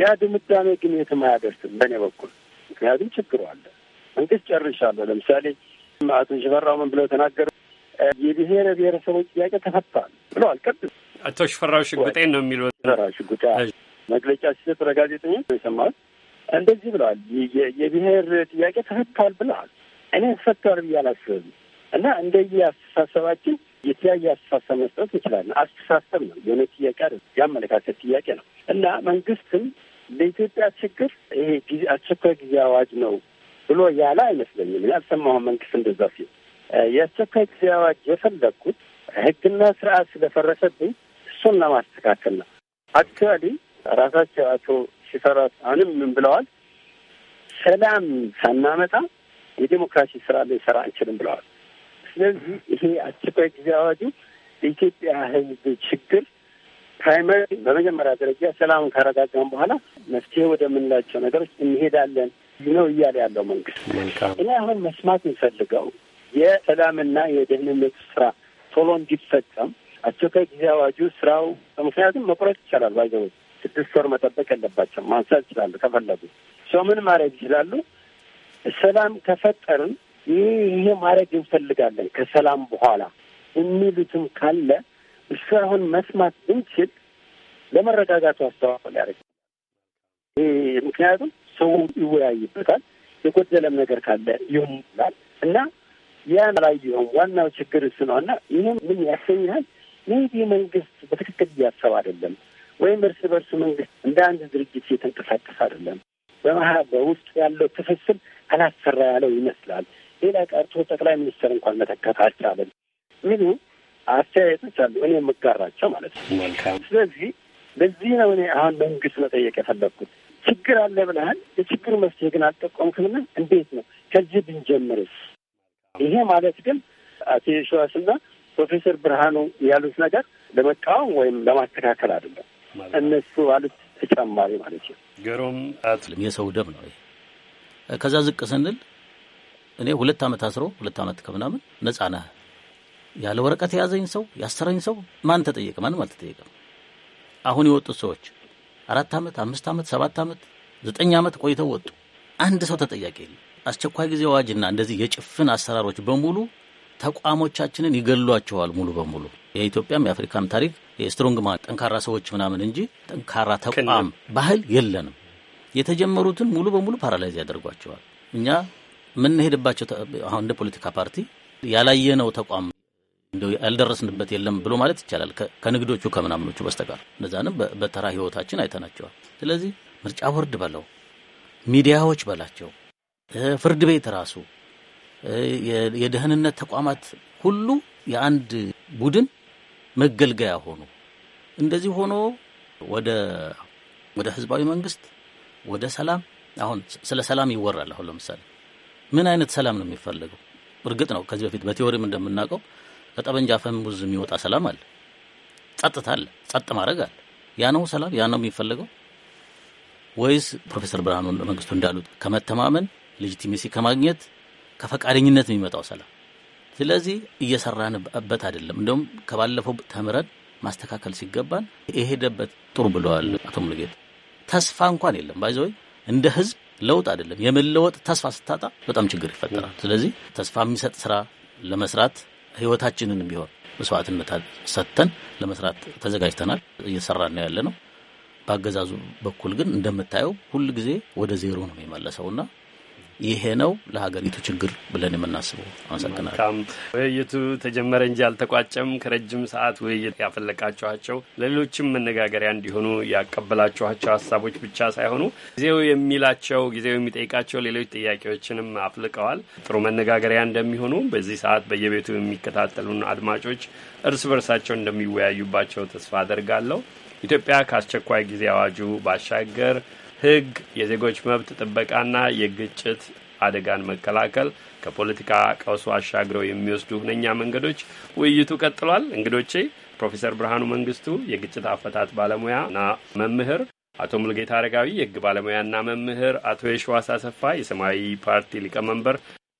ያ ድምዳሜ ግን የትም አያደርስም በእኔ በኩል ምክንያቱም ችግሩ አለ። መንግስት ጨርሻለሁ። ለምሳሌ አቶ ሽፈራው ምን ብለው ተናገሩ? የብሔረ ብሔረሰቦች ጥያቄ ተፈቷል ብለዋል። ቀጥ አቶ ሽፈራው ሽጉጤን ነው የሚል ሽፈራው ሽጉጤ መግለጫ ሲሰጥ በጋዜጠኞች የሰማሁት እንደዚህ ብለዋል። የብሔር ጥያቄ ተፈቷል ብለዋል። እኔ ተፈቷል ብዬ አላስብም እና እንደየ አስተሳሰባችን የተለያየ አስተሳሰብ መስጠት እንችላለን። አስተሳሰብ ነው የሆነ ጥያቄ አ የአመለካከት ጥያቄ ነው እና መንግስትም ለኢትዮጵያ ችግር ይሄ አስቸኳይ ጊዜ አዋጅ ነው ብሎ ያለ አይመስለኝም። አልሰማሁም መንግስት እንደዛ ሲል የአስቸኳይ ጊዜ አዋጅ የፈለግኩት ህግና ስርዓት ስለፈረሰብኝ እሱን ለማስተካከል ነው። አክቹዋሊ ራሳቸው አቶ ሽፈራት አሁንም ምን ብለዋል? ሰላም ሳናመጣ የዴሞክራሲ ስራ ልንሰራ አንችልም ብለዋል። ስለዚህ ይሄ አስቸኳይ ጊዜ አዋጁ የኢትዮጵያ ህዝብ ችግር ፕራይመሪ በመጀመሪያ ደረጃ ሰላም ካረጋጋም በኋላ መፍትሄ ወደምንላቸው ነገሮች እንሄዳለን ነው እያለ ያለው መንግስት። እኔ አሁን መስማት የምፈልገው የሰላምና የደህንነት ስራ ቶሎ እንዲፈጸም አስቸኳይ ጊዜ አዋጁ ስራው ምክንያቱም መቁረጥ ይቻላል። ባይዘ ስድስት ወር መጠበቅ የለባቸው ማንሳት ይችላሉ። ከፈለጉ ሰው ምን ማድረግ ይችላሉ? ሰላም ከፈጠርን ይህ ይሄ ማድረግ እንፈልጋለን ከሰላም በኋላ የሚሉትም ካለ እሱ አሁን መስማት ብንችል ለመረጋጋቱ አስተዋጽኦ ሊያደርግ ምክንያቱም ሰው ይወያይበታል። የጎደለም ነገር ካለ ይሆን ይላል እና ያን ላይ ቢሆን ዋናው ችግር እሱ ነው እና ይህም ምን ያሰኝሃል ሜቢ መንግስት በትክክል እያሰብ አይደለም፣ ወይም እርስ በርሱ መንግስት እንደ አንድ ድርጅት እየተንቀሳቀስ አይደለም። በመሀ በውስጥ ያለው ትስስር አላሰራ ያለው ይመስላል። ሌላ ቀርቶ ጠቅላይ ሚኒስትር እንኳን መተካት አልቻለም የሚሉ አስተያየቶች አሉ፣ እኔ የምጋራቸው ማለት ነው። ስለዚህ በዚህ ነው እኔ አሁን መንግስት መጠየቅ የፈለግኩት ችግር አለ ብለሃል፣ የችግር መፍትሄ ግን አልጠቆምክምና እንዴት ነው ከዚህ ብንጀምርስ ይሄ ማለት ግን አቶ የሸዋስና ፕሮፌሰር ብርሃኑ ያሉት ነገር ለመቃወም ወይም ለማስተካከል አይደለም። እነሱ አሉት ተጨማሪ ማለት ነው። ገሮም የሰው ደም ነው። ከዛ ዝቅ ስንል እኔ ሁለት ዓመት አስሮ ሁለት ዓመት ከምናምን ነጻ ነህ ያለ ወረቀት የያዘኝ ሰው ያሰረኝ ሰው ማን ተጠየቀ? ማንም አልተጠየቀም። አሁን የወጡት ሰዎች አራት ዓመት፣ አምስት ዓመት፣ ሰባት ዓመት፣ ዘጠኝ ዓመት ቆይተው ወጡ። አንድ ሰው ተጠያቂ የለም። አስቸኳይ ጊዜ አዋጅና እንደዚህ የጭፍን አሰራሮች በሙሉ ተቋሞቻችንን ይገሏቸዋል ሙሉ በሙሉ የኢትዮጵያም የአፍሪካም ታሪክ የስትሮንግ ማን ጠንካራ ሰዎች ምናምን እንጂ ጠንካራ ተቋም ባህል የለንም። የተጀመሩትን ሙሉ በሙሉ ፓራላይዝ ያደርጓቸዋል። እኛ የምንሄድባቸው አሁን እንደ ፖለቲካ ፓርቲ ያላየነው ተቋም ያልደረስንበት የለም ብሎ ማለት ይቻላል። ከንግዶቹ ከምናምኖቹ በስተቀር እነዛንም በተራ ህይወታችን አይተናቸዋል። ስለዚህ ምርጫ ቦርድ በለው ሚዲያዎች በላቸው ፍርድ ቤት ራሱ የደህንነት ተቋማት ሁሉ የአንድ ቡድን መገልገያ ሆኑ። እንደዚህ ሆኖ ወደ ወደ ህዝባዊ መንግስት ወደ ሰላም አሁን ስለ ሰላም ይወራል። አሁን ለምሳሌ ምን አይነት ሰላም ነው የሚፈለገው? እርግጥ ነው ከዚህ በፊት በቴዎሪም እንደምናውቀው ከጠመንጃ አፈሙዝ የሚወጣ ሰላም አለ፣ ጸጥታ አለ፣ ጸጥ ማድረግ አለ። ያ ነው ሰላም? ያ ነው የሚፈለገው? ወይስ ፕሮፌሰር ብርሃኑ መንግስቱ እንዳሉት ከመተማመን ሌጂቲሜሲ ከማግኘት ከፈቃደኝነት የሚመጣው ሰላም። ስለዚህ እየሰራንበት አይደለም። እንደውም ከባለፈው ተምረን ማስተካከል ሲገባን የሄደበት ጥሩ ብለዋል አቶ ሙሉጌታ። ተስፋ እንኳን የለም ባይዘወይ እንደ ህዝብ ለውጥ አይደለም የመለወጥ ተስፋ ስታጣ በጣም ችግር ይፈጠራል። ስለዚህ ተስፋ የሚሰጥ ስራ ለመስራት ህይወታችንን ቢሆን መስዋዕትነት ሰጥተን ለመስራት ተዘጋጅተናል። እየሰራ ነው ያለ ነው። በአገዛዙ በኩል ግን እንደምታየው ሁል ጊዜ ወደ ዜሮ ነው የመለሰውና ይሄ ነው ለሀገሪቱ ችግር ብለን የምናስበው። አመሰግናለሁ። ውይይቱ ተጀመረ እንጂ አልተቋጨም። ከረጅም ሰዓት ውይይት ያፈለቃችኋቸው ለሌሎችም መነጋገሪያ እንዲሆኑ ያቀበላችኋቸው ሀሳቦች ብቻ ሳይሆኑ ጊዜው የሚላቸው ጊዜው የሚጠይቃቸው ሌሎች ጥያቄዎችንም አፍልቀዋል። ጥሩ መነጋገሪያ እንደሚሆኑ በዚህ ሰዓት በየቤቱ የሚከታተሉን አድማጮች እርስ በርሳቸው እንደሚወያዩባቸው ተስፋ አደርጋለሁ። ኢትዮጵያ ከአስቸኳይ ጊዜ አዋጁ ባሻገር ህግ የዜጎች መብት ጥበቃና የግጭት አደጋን መከላከል ከፖለቲካ ቀውሱ አሻግረው የሚወስዱ ሁነኛ መንገዶች ውይይቱ ቀጥሏል። እንግዶቼ ፕሮፌሰር ብርሃኑ መንግስቱ የግጭት አፈታት ባለሙያና መምህር፣ አቶ ሙልጌታ አረጋዊ የህግ ባለሙያና መምህር፣ አቶ የሸዋስ አሰፋ የሰማያዊ ፓርቲ ሊቀመንበር፣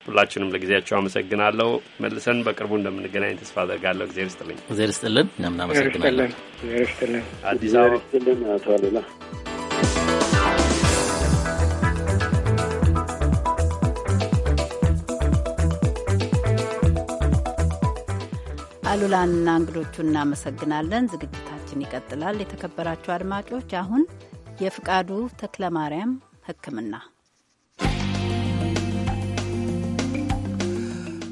ሁላችሁንም ለጊዜያቸው አመሰግናለሁ። መልሰን በቅርቡ እንደምንገናኝ ተስፋ አደርጋለሁ። እግዜር ስጥልኝ። እግዜር ስጥልን። እናመሰግናለን። አዲስ አበባ አሉላንና እንግዶቹ እናመሰግናለን። ዝግጅታችን ይቀጥላል። የተከበራችሁ አድማጮች፣ አሁን የፍቃዱ ተክለማርያም ሕክምና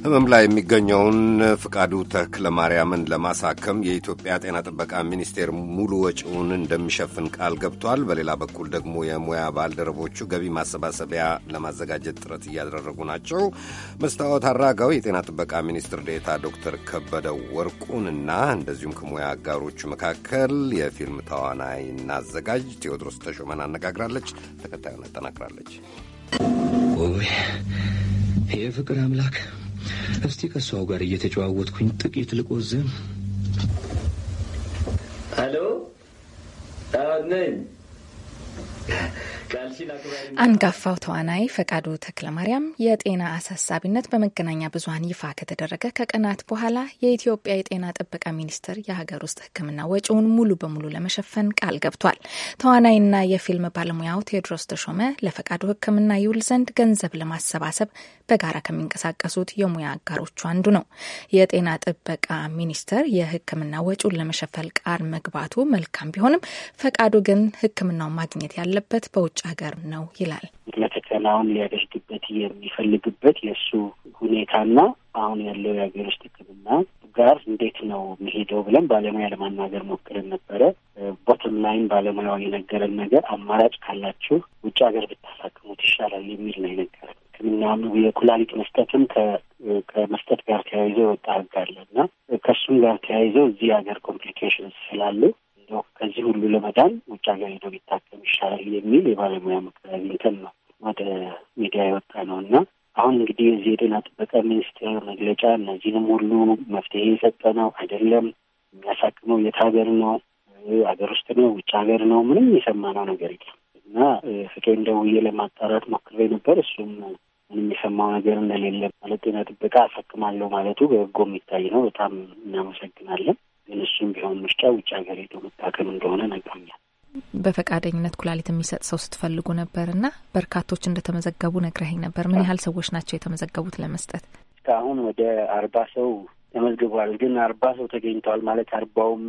ህመም ላይ የሚገኘውን ፍቃዱ ተክለ ማርያምን ለማሳከም የኢትዮጵያ ጤና ጥበቃ ሚኒስቴር ሙሉ ወጪውን እንደሚሸፍን ቃል ገብቷል። በሌላ በኩል ደግሞ የሙያ ባልደረቦቹ ገቢ ማሰባሰቢያ ለማዘጋጀት ጥረት እያደረጉ ናቸው። መስታወት አራጋው የጤና ጥበቃ ሚኒስትር ዴታ ዶክተር ከበደ ወርቁንና እንደዚሁም ከሙያ አጋሮቹ መካከል የፊልም ተዋናይና አዘጋጅ ቴዎድሮስ ተሾመን አነጋግራለች። ተከታዩን አጠናቅራለች። የፍቅር አምላክ እስቲ ከእሷው ጋር እየተጨዋወትኩኝ ጥቂት ልቆዝም። አሎ ነኝ አንጋፋው ተዋናይ ፈቃዱ ተክለ ማርያም የጤና አሳሳቢነት በመገናኛ ብዙኃን ይፋ ከተደረገ ከቀናት በኋላ የኢትዮጵያ የጤና ጥበቃ ሚኒስቴር የሀገር ውስጥ ሕክምና ወጪውን ሙሉ በሙሉ ለመሸፈን ቃል ገብቷል። ተዋናይና የፊልም ባለሙያው ቴዎድሮስ ተሾመ ለፈቃዱ ሕክምና ይውል ዘንድ ገንዘብ ለማሰባሰብ በጋራ ከሚንቀሳቀሱት የሙያ አጋሮቹ አንዱ ነው። የጤና ጥበቃ ሚኒስቴር የሕክምና ወጪውን ለመሸፈል ቃል መግባቱ መልካም ቢሆንም ፈቃዱ ግን ሕክምናውን ማግኘት ያለበት በውጭ ውጭ ሀገር ነው ይላል። ለተከላውን ሊያደርግበት የሚፈልግበት የእሱ ሁኔታና አሁን ያለው የሀገር ውስጥ ሕክምና ጋር እንዴት ነው የሚሄደው ብለን ባለሙያ ለማናገር ሞክረን ነበረ። ቦተም ላይን ባለሙያው የነገረን ነገር አማራጭ ካላችሁ ውጭ ሀገር ብታሳክሙት ይሻላል የሚል ነው የነገረን። ሕክምናም የኩላሊት መስጠትም ከመስጠት ጋር ተያይዞ የወጣ ሕግ አለ እና ከእሱም ጋር ተያይዞ እዚህ ሀገር ኮምፕሊኬሽን ስላሉ እንደው ከዚህ ሁሉ ለመዳን ውጭ ሀገር ሄዶ ቢታከም ይሻላል የሚል የባለሙያ ምክር አግኝተን ነው ወደ ሚዲያ የወጣ ነው እና አሁን እንግዲህ የዚህ የጤና ጥበቃ ሚኒስቴር መግለጫ እነዚህንም ሁሉ መፍትሄ የሰጠ ነው አይደለም፣ የሚያሳክመው የት ሀገር ነው፣ ሀገር ውስጥ ነው፣ ውጭ ሀገር ነው፣ ምንም የሰማነው ነገር የለም እና ፍቄን ደውዬ ለማጣራት ሞክሬ ነበር። እሱም ምንም የሰማው ነገር እንደሌለ ማለት ጤና ጥበቃ አሳክማለሁ ማለቱ በህጎ የሚታይ ነው። በጣም እናመሰግናለን። ግን እሱም ቢሆን ምርጫ ውጭ ሀገር ሄዶ መታከም እንደሆነ ነግሮኛል። በፈቃደኝነት ኩላሊት የሚሰጥ ሰው ስትፈልጉ ነበር እና በርካቶች እንደተመዘገቡ ነግረኸኝ ነበር። ምን ያህል ሰዎች ናቸው የተመዘገቡት ለመስጠት? እስካሁን ወደ አርባ ሰው ተመዝግቧል። ግን አርባ ሰው ተገኝተዋል ማለት አርባውም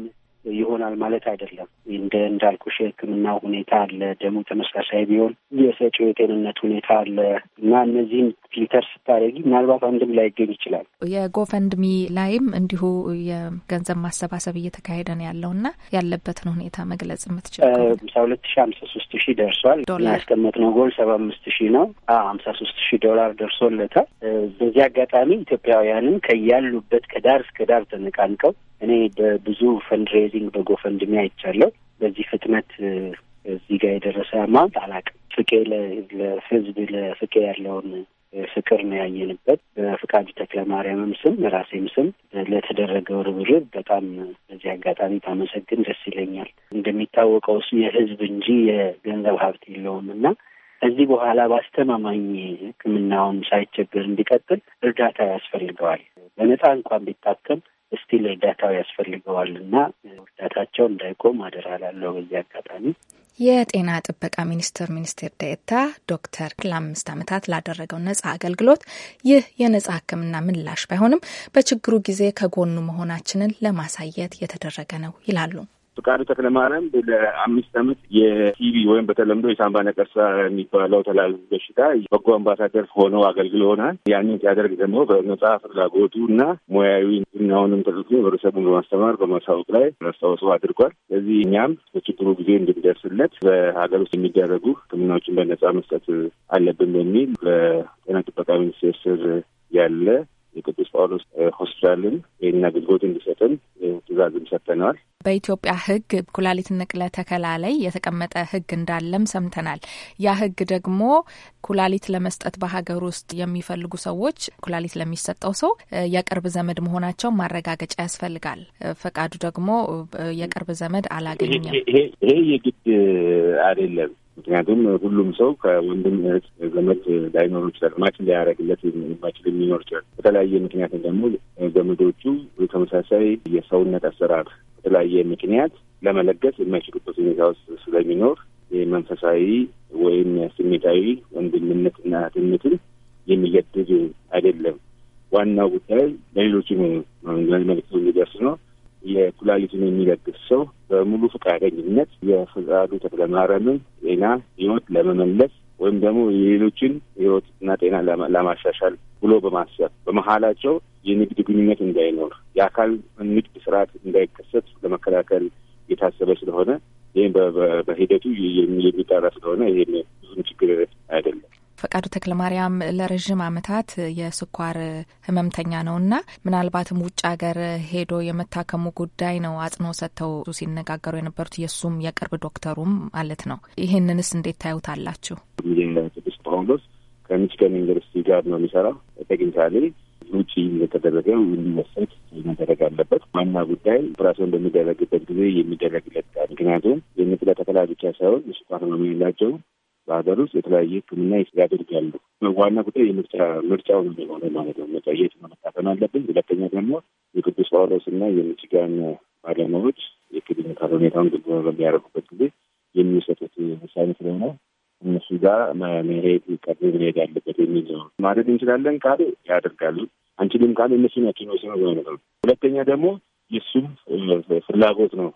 ይሆናል ማለት አይደለም። እንደ እንዳልኩሽ የሕክምና ሁኔታ አለ። ደግሞ ተመሳሳይ ቢሆን የሰጪው የጤንነት ሁኔታ አለ እና እነዚህን ፊልተር ስታደርጊ ምናልባት አንድም ላይገኝ ይችላል። የጎፈንድሚ ላይም እንዲሁ የገንዘብ ማሰባሰብ እየተካሄደ ነው ያለው እና ያለበትን ሁኔታ መግለጽ የምትችል ሀምሳ ሁለት ሺ ሀምሳ ሶስት ሺ ደርሷል። ያስቀመጥነው ጎል ሰባ አምስት ሺ ነው። ሀምሳ ሶስት ሺ ዶላር ደርሶለታል። በዚህ አጋጣሚ ኢትዮጵያውያንም ከያሉበት ከዳር እስከ ዳር ተነቃንቀው እኔ በብዙ ፈንድሬዚንግ በጎ ፈንድሜ አይቻለሁ። በዚህ ፍጥነት እዚህ ጋር የደረሰ አማውንት አላውቅም። ፍቄ ለህዝብ ለፍቄ ያለውን ፍቅር ነው ያየንበት። በፍቃዱ ተክለ ማርያምም ስም ራሴም ስም ለተደረገው ርብርብ በጣም በዚህ አጋጣሚ ታመሰግን ደስ ይለኛል። እንደሚታወቀው እሱ የህዝብ እንጂ የገንዘብ ሀብት የለውም እና እዚህ በኋላ በአስተማማኝ ሕክምናውን ሳይቸግር እንዲቀጥል እርዳታ ያስፈልገዋል። በነፃ እንኳን ቢታከም ስቲል እርዳታው ያስፈልገዋል እና እርዳታቸው እንዳይቆም አደራ ላለው በዚህ አጋጣሚ የጤና ጥበቃ ሚኒስቴር ሚኒስቴር ዴኤታ ዶክተር ለአምስት ዓመታት ላደረገው ነጻ አገልግሎት ይህ የነጻ ሕክምና ምላሽ ባይሆንም በችግሩ ጊዜ ከጎኑ መሆናችንን ለማሳየት የተደረገ ነው ይላሉ። ፍቃዱ ተክለማርያም ለአምስት ዓመት የቲቪ ወይም በተለምዶ የሳምባ ነቀርሳ የሚባለው ተላላፊ በሽታ በጎ አምባሳደር ሆነው አገልግሎናል። ያንን ሲያደርግ ደግሞ በነጻ ፍላጎቱ እና ሙያዊ ናውንም ተጠቅሞ ህብረተሰቡን በማስተማር በማሳወቅ ላይ አስተዋጽኦ አድርጓል። ስለዚህ እኛም በችግሩ ጊዜ እንድንደርስለት በሀገር ውስጥ የሚደረጉ ሕክምናዎችን በነጻ መስጠት አለብን በሚል በጤና ጥበቃ ሚኒስቴር ስር ያለ የቅዱስ ጳውሎስ ሆስፒታልን ይህን አገልግሎት እንዲሰጥን ትእዛዝም ሰጥተነዋል። በኢትዮጵያ ሕግ ኩላሊት ንቅለ ተከላ ላይ የተቀመጠ ሕግ እንዳለም ሰምተናል። ያ ሕግ ደግሞ ኩላሊት ለመስጠት በሀገር ውስጥ የሚፈልጉ ሰዎች ኩላሊት ለሚሰጠው ሰው የቅርብ ዘመድ መሆናቸውን ማረጋገጫ ያስፈልጋል። ፈቃዱ ደግሞ የቅርብ ዘመድ አላገኘም። ይሄ የግድ አይደለም። ምክንያቱም ሁሉም ሰው ከወንድም እህት፣ ዘመድ ላይኖሩ ይችላል። ማች ሊያደርግለት የማይችል የሚኖር ይችላል። በተለያየ ምክንያት ደግሞ ዘመዶቹ ተመሳሳይ የሰውነት አሰራር በተለያየ ምክንያት ለመለገስ የማይችሉበት ሁኔታ ውስጥ ስለሚኖር የመንፈሳዊ ወይም ስሜታዊ ወንድምነት እና እህትነትን የሚገድብ አይደለም። ዋናው ጉዳይ ለሌሎችም መልዕክቱ የሚደርስ ነው። የኩላሊትን የሚለግስ ሰው በሙሉ ፈቃደኝነት የፍቃዱ ተክለማርያምን ጤና ህይወት ለመመለስ ወይም ደግሞ የሌሎችን ህይወትና ጤና ለማሻሻል ብሎ በማሰብ በመሀላቸው የንግድ ግንኙነት እንዳይኖር የአካል ንግድ ስርዓት እንዳይከሰት ለመከላከል የታሰበ ስለሆነ ይህም በሂደቱ የሚጠራ ስለሆነ ይህም ብዙም ችግር አይደለም። ፈቃዱ ተክለ ማርያም ለረዥም ዓመታት የስኳር ህመምተኛ ነው ነውና ምናልባትም ውጭ ሀገር ሄዶ የመታከሙ ጉዳይ ነው አጽንኦ ሰጥተው ሲነጋገሩ የነበሩት የእሱም የቅርብ ዶክተሩም ማለት ነው። ይህንንስ እንዴት ታዩታላችሁ? ቅዱስ ጳውሎስ ከሚችገን ዩኒቨርሲቲ ጋር ነው የሚሰራ ቴክኒካሊ ውጭ እንደተደረገ እንዲወሰድ መደረግ አለበት። ዋና ጉዳይ ኦፕራሲዮን በሚደረግበት ጊዜ የሚደረግለት ምክንያቱም የንጥለ ተከላ ብቻ ሳይሆን ስኳር ነው የሚላቸው በሀገር ውስጥ የተለያየ ሕክምና ያደርጋሉ። ዋና ጉዳይ የምርጫ ምርጫው ነው ማለት ነው። ምርጫ የት መመታተን አለብን። ሁለተኛ ደግሞ የቅዱስ እና የሚችጋን ባለሙያዎች የክሊኒካል ሁኔታውን ግንዘ በሚያደርጉበት ጊዜ የሚሰጡት ውሳኔ ስለሆነ እነሱ ጋር መሄድ ቀርብ መሄድ ያለበት የሚል ነው። ማድረግ እንችላለን ካሉ ያደርጋሉ፣ አንችልም ካሉ እነሱ ናቸው ነው። ሁለተኛ ደግሞ የሱም ፍላጎት ነው።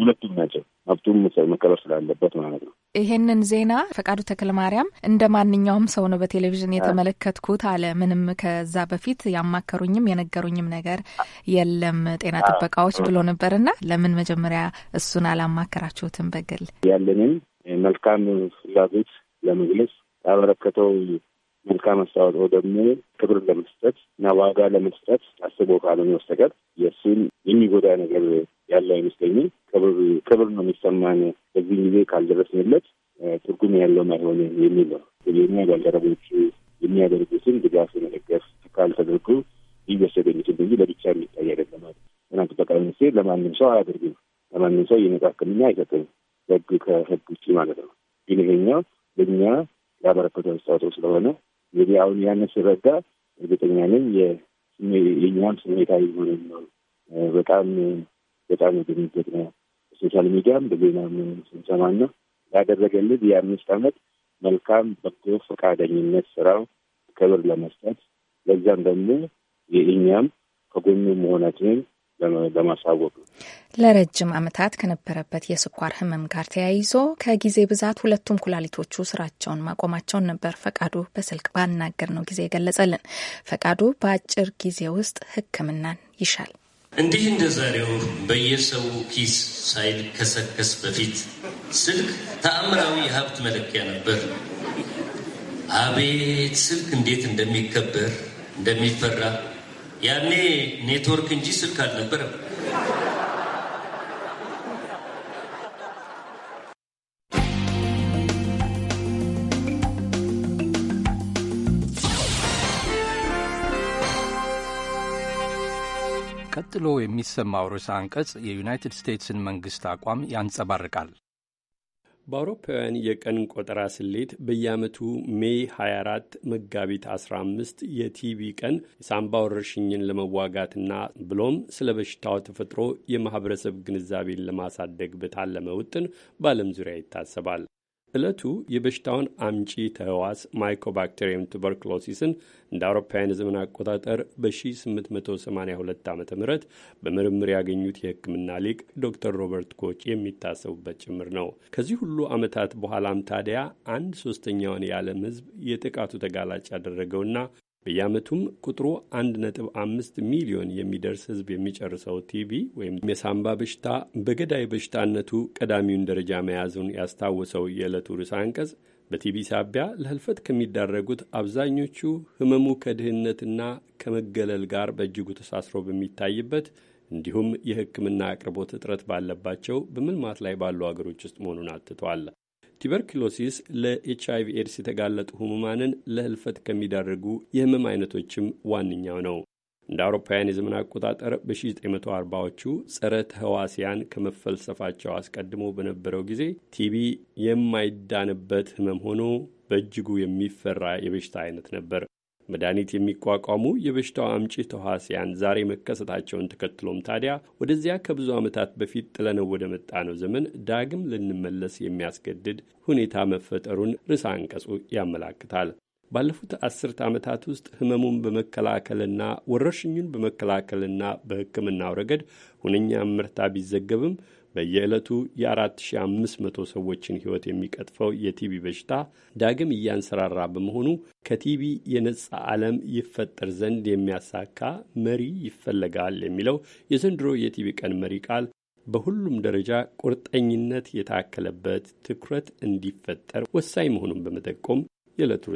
ሁለቱም ናቸው። ሀብቱም መከበር ስላለበት ማለት ነው። ይሄንን ዜና ፈቃዱ ተክለ ማርያም እንደ ማንኛውም ሰው ነው በቴሌቪዥን የተመለከትኩት አለ። ምንም ከዛ በፊት ያማከሩኝም የነገሩኝም ነገር የለም ጤና ጥበቃዎች ብሎ ነበርና ለምን መጀመሪያ እሱን አላማከራችሁትም? በግል ያለንን መልካም ፍላጎት ለመግለጽ ያበረከተው መልካም አስተዋጽኦ ደግሞ ክብር ለመስጠት እና ዋጋ ለመስጠት አስቦ ካልሆነ በስተቀር የእሱን የሚጎዳ ነገር ያለ አይመስለኝም። ክብር ክብር ነው የሚሰማን በዚህ ጊዜ ካልደረስንለት ትርጉም ያለውም አይሆን የሚል ነው። የኛ ባልደረቦቹ የሚያደርጉትን ድጋፍ የመደገፍ ካልተደረጉ ሊወሰድ የሚችል እንጂ ለብቻ የሚታይ አይደለም። ጤና ጥበቃ ሚኒስቴር ለማንም ሰው አያደርግም። ለማንም ሰው የነጻ ሕክምና አይሰጥም፣ በህግ ከህግ ውጭ ማለት ነው። ግን ይሄኛው ለእኛ ያበረከተው አስተዋጽኦ ስለሆነ እንግዲህ አሁን ያንን ስረዳ እርግጠኛ ነኝ የእኛም ስሜታ ሆነን ነው በጣም በጣም የደነገጥ ነው። በሶሻል ሚዲያም በዜናም ነው ያደረገልን የአምስት ዓመት መልካም በጎ ፈቃደኝነት ስራው ክብር ለመስጠት ለዛም ደግሞ የእኛም ከጎኑ መሆናችንን ለማሳወቅ ነው። ለረጅም ዓመታት ከነበረበት የስኳር ህመም ጋር ተያይዞ ከጊዜ ብዛት ሁለቱም ኩላሊቶቹ ስራቸውን ማቆማቸውን ነበር ፈቃዱ በስልክ ባናገር ነው ጊዜ የገለጸልን። ፈቃዱ በአጭር ጊዜ ውስጥ ሕክምናን ይሻል። እንዲህ እንደ ዛሬው በየሰው ኪስ ከሰከስ በፊት ስልክ ተአምራዊ የሀብት መለኪያ ነበር። አቤት ስልክ እንዴት እንደሚከበር እንደሚፈራ ያኔ ኔትወርክ እንጂ ስልክ አልነበረም። ቀጥሎ የሚሰማው ርዕሰ አንቀጽ የዩናይትድ ስቴትስን መንግስት አቋም ያንጸባርቃል። በአውሮፓውያን የቀን ቆጠራ ስሌት በየዓመቱ ሜይ 24 መጋቢት 15 የቲቢ ቀን የሳምባ ወረርሽኝን ለመዋጋትና ብሎም ስለ በሽታው ተፈጥሮ የማህበረሰብ ግንዛቤን ለማሳደግ በታለመ ውጥን በዓለም ዙሪያ ይታሰባል። ዕለቱ የበሽታውን አምጪ ተህዋስ ማይኮባክቴሪየም ቱበርክሎሲስን እንደ አውሮፓውያን የዘመን አቆጣጠር በ1882 ዓ ም በምርምር ያገኙት የሕክምና ሊቅ ዶክተር ሮበርት ኮች የሚታሰቡበት ጭምር ነው። ከዚህ ሁሉ ዓመታት በኋላም ታዲያ አንድ ሶስተኛውን የዓለም ሕዝብ የጥቃቱ ተጋላጭ ያደረገውና በየዓመቱም ቁጥሩ 1.5 ሚሊዮን የሚደርስ ሕዝብ የሚጨርሰው ቲቢ ወይም የሳምባ በሽታ በገዳይ በሽታነቱ ቀዳሚውን ደረጃ መያዙን ያስታወሰው የዕለቱ ርዕሰ አንቀጽ በቲቢ ሳቢያ ለህልፈት ከሚዳረጉት አብዛኞቹ ህመሙ ከድህነትና ከመገለል ጋር በእጅጉ ተሳስሮ በሚታይበት እንዲሁም የሕክምና አቅርቦት እጥረት ባለባቸው በምልማት ላይ ባሉ አገሮች ውስጥ መሆኑን አትቷል። ቱበርክሎሲስ ለኤች አይቪ ኤድስ የተጋለጡ ህሙማንን ለህልፈት ከሚዳርጉ የህመም አይነቶችም ዋነኛው ነው። እንደ አውሮፓውያን የዘመን አቆጣጠር በ1940ዎቹ ጸረ ተህዋሲያን ከመፈልሰፋቸው አስቀድሞ በነበረው ጊዜ ቲቢ የማይዳንበት ህመም ሆኖ በእጅጉ የሚፈራ የበሽታ አይነት ነበር። መድኃኒት የሚቋቋሙ የበሽታው አምጪ ተዋሲያን ዛሬ መከሰታቸውን ተከትሎም ታዲያ ወደዚያ ከብዙ ዓመታት በፊት ጥለነው ወደ ነው ዘመን ዳግም ልንመለስ የሚያስገድድ ሁኔታ መፈጠሩን ርዕሰ አንቀጹ ያመላክታል። ባለፉት አስርት ዓመታት ውስጥ ህመሙን በመከላከልና ወረርሽኙን በመከላከልና በሕክምናው ረገድ ሁነኛ ምርታ ቢዘገብም በየዕለቱ የ4500 ሰዎችን ሕይወት የሚቀጥፈው የቲቢ በሽታ ዳግም እያንሰራራ በመሆኑ ከቲቢ የነጻ ዓለም ይፈጠር ዘንድ የሚያሳካ መሪ ይፈለጋል የሚለው የዘንድሮ የቲቢ ቀን መሪ ቃል በሁሉም ደረጃ ቁርጠኝነት የታከለበት ትኩረት እንዲፈጠር ወሳኝ መሆኑን በመጠቆም የዕለቱ ርዕሰ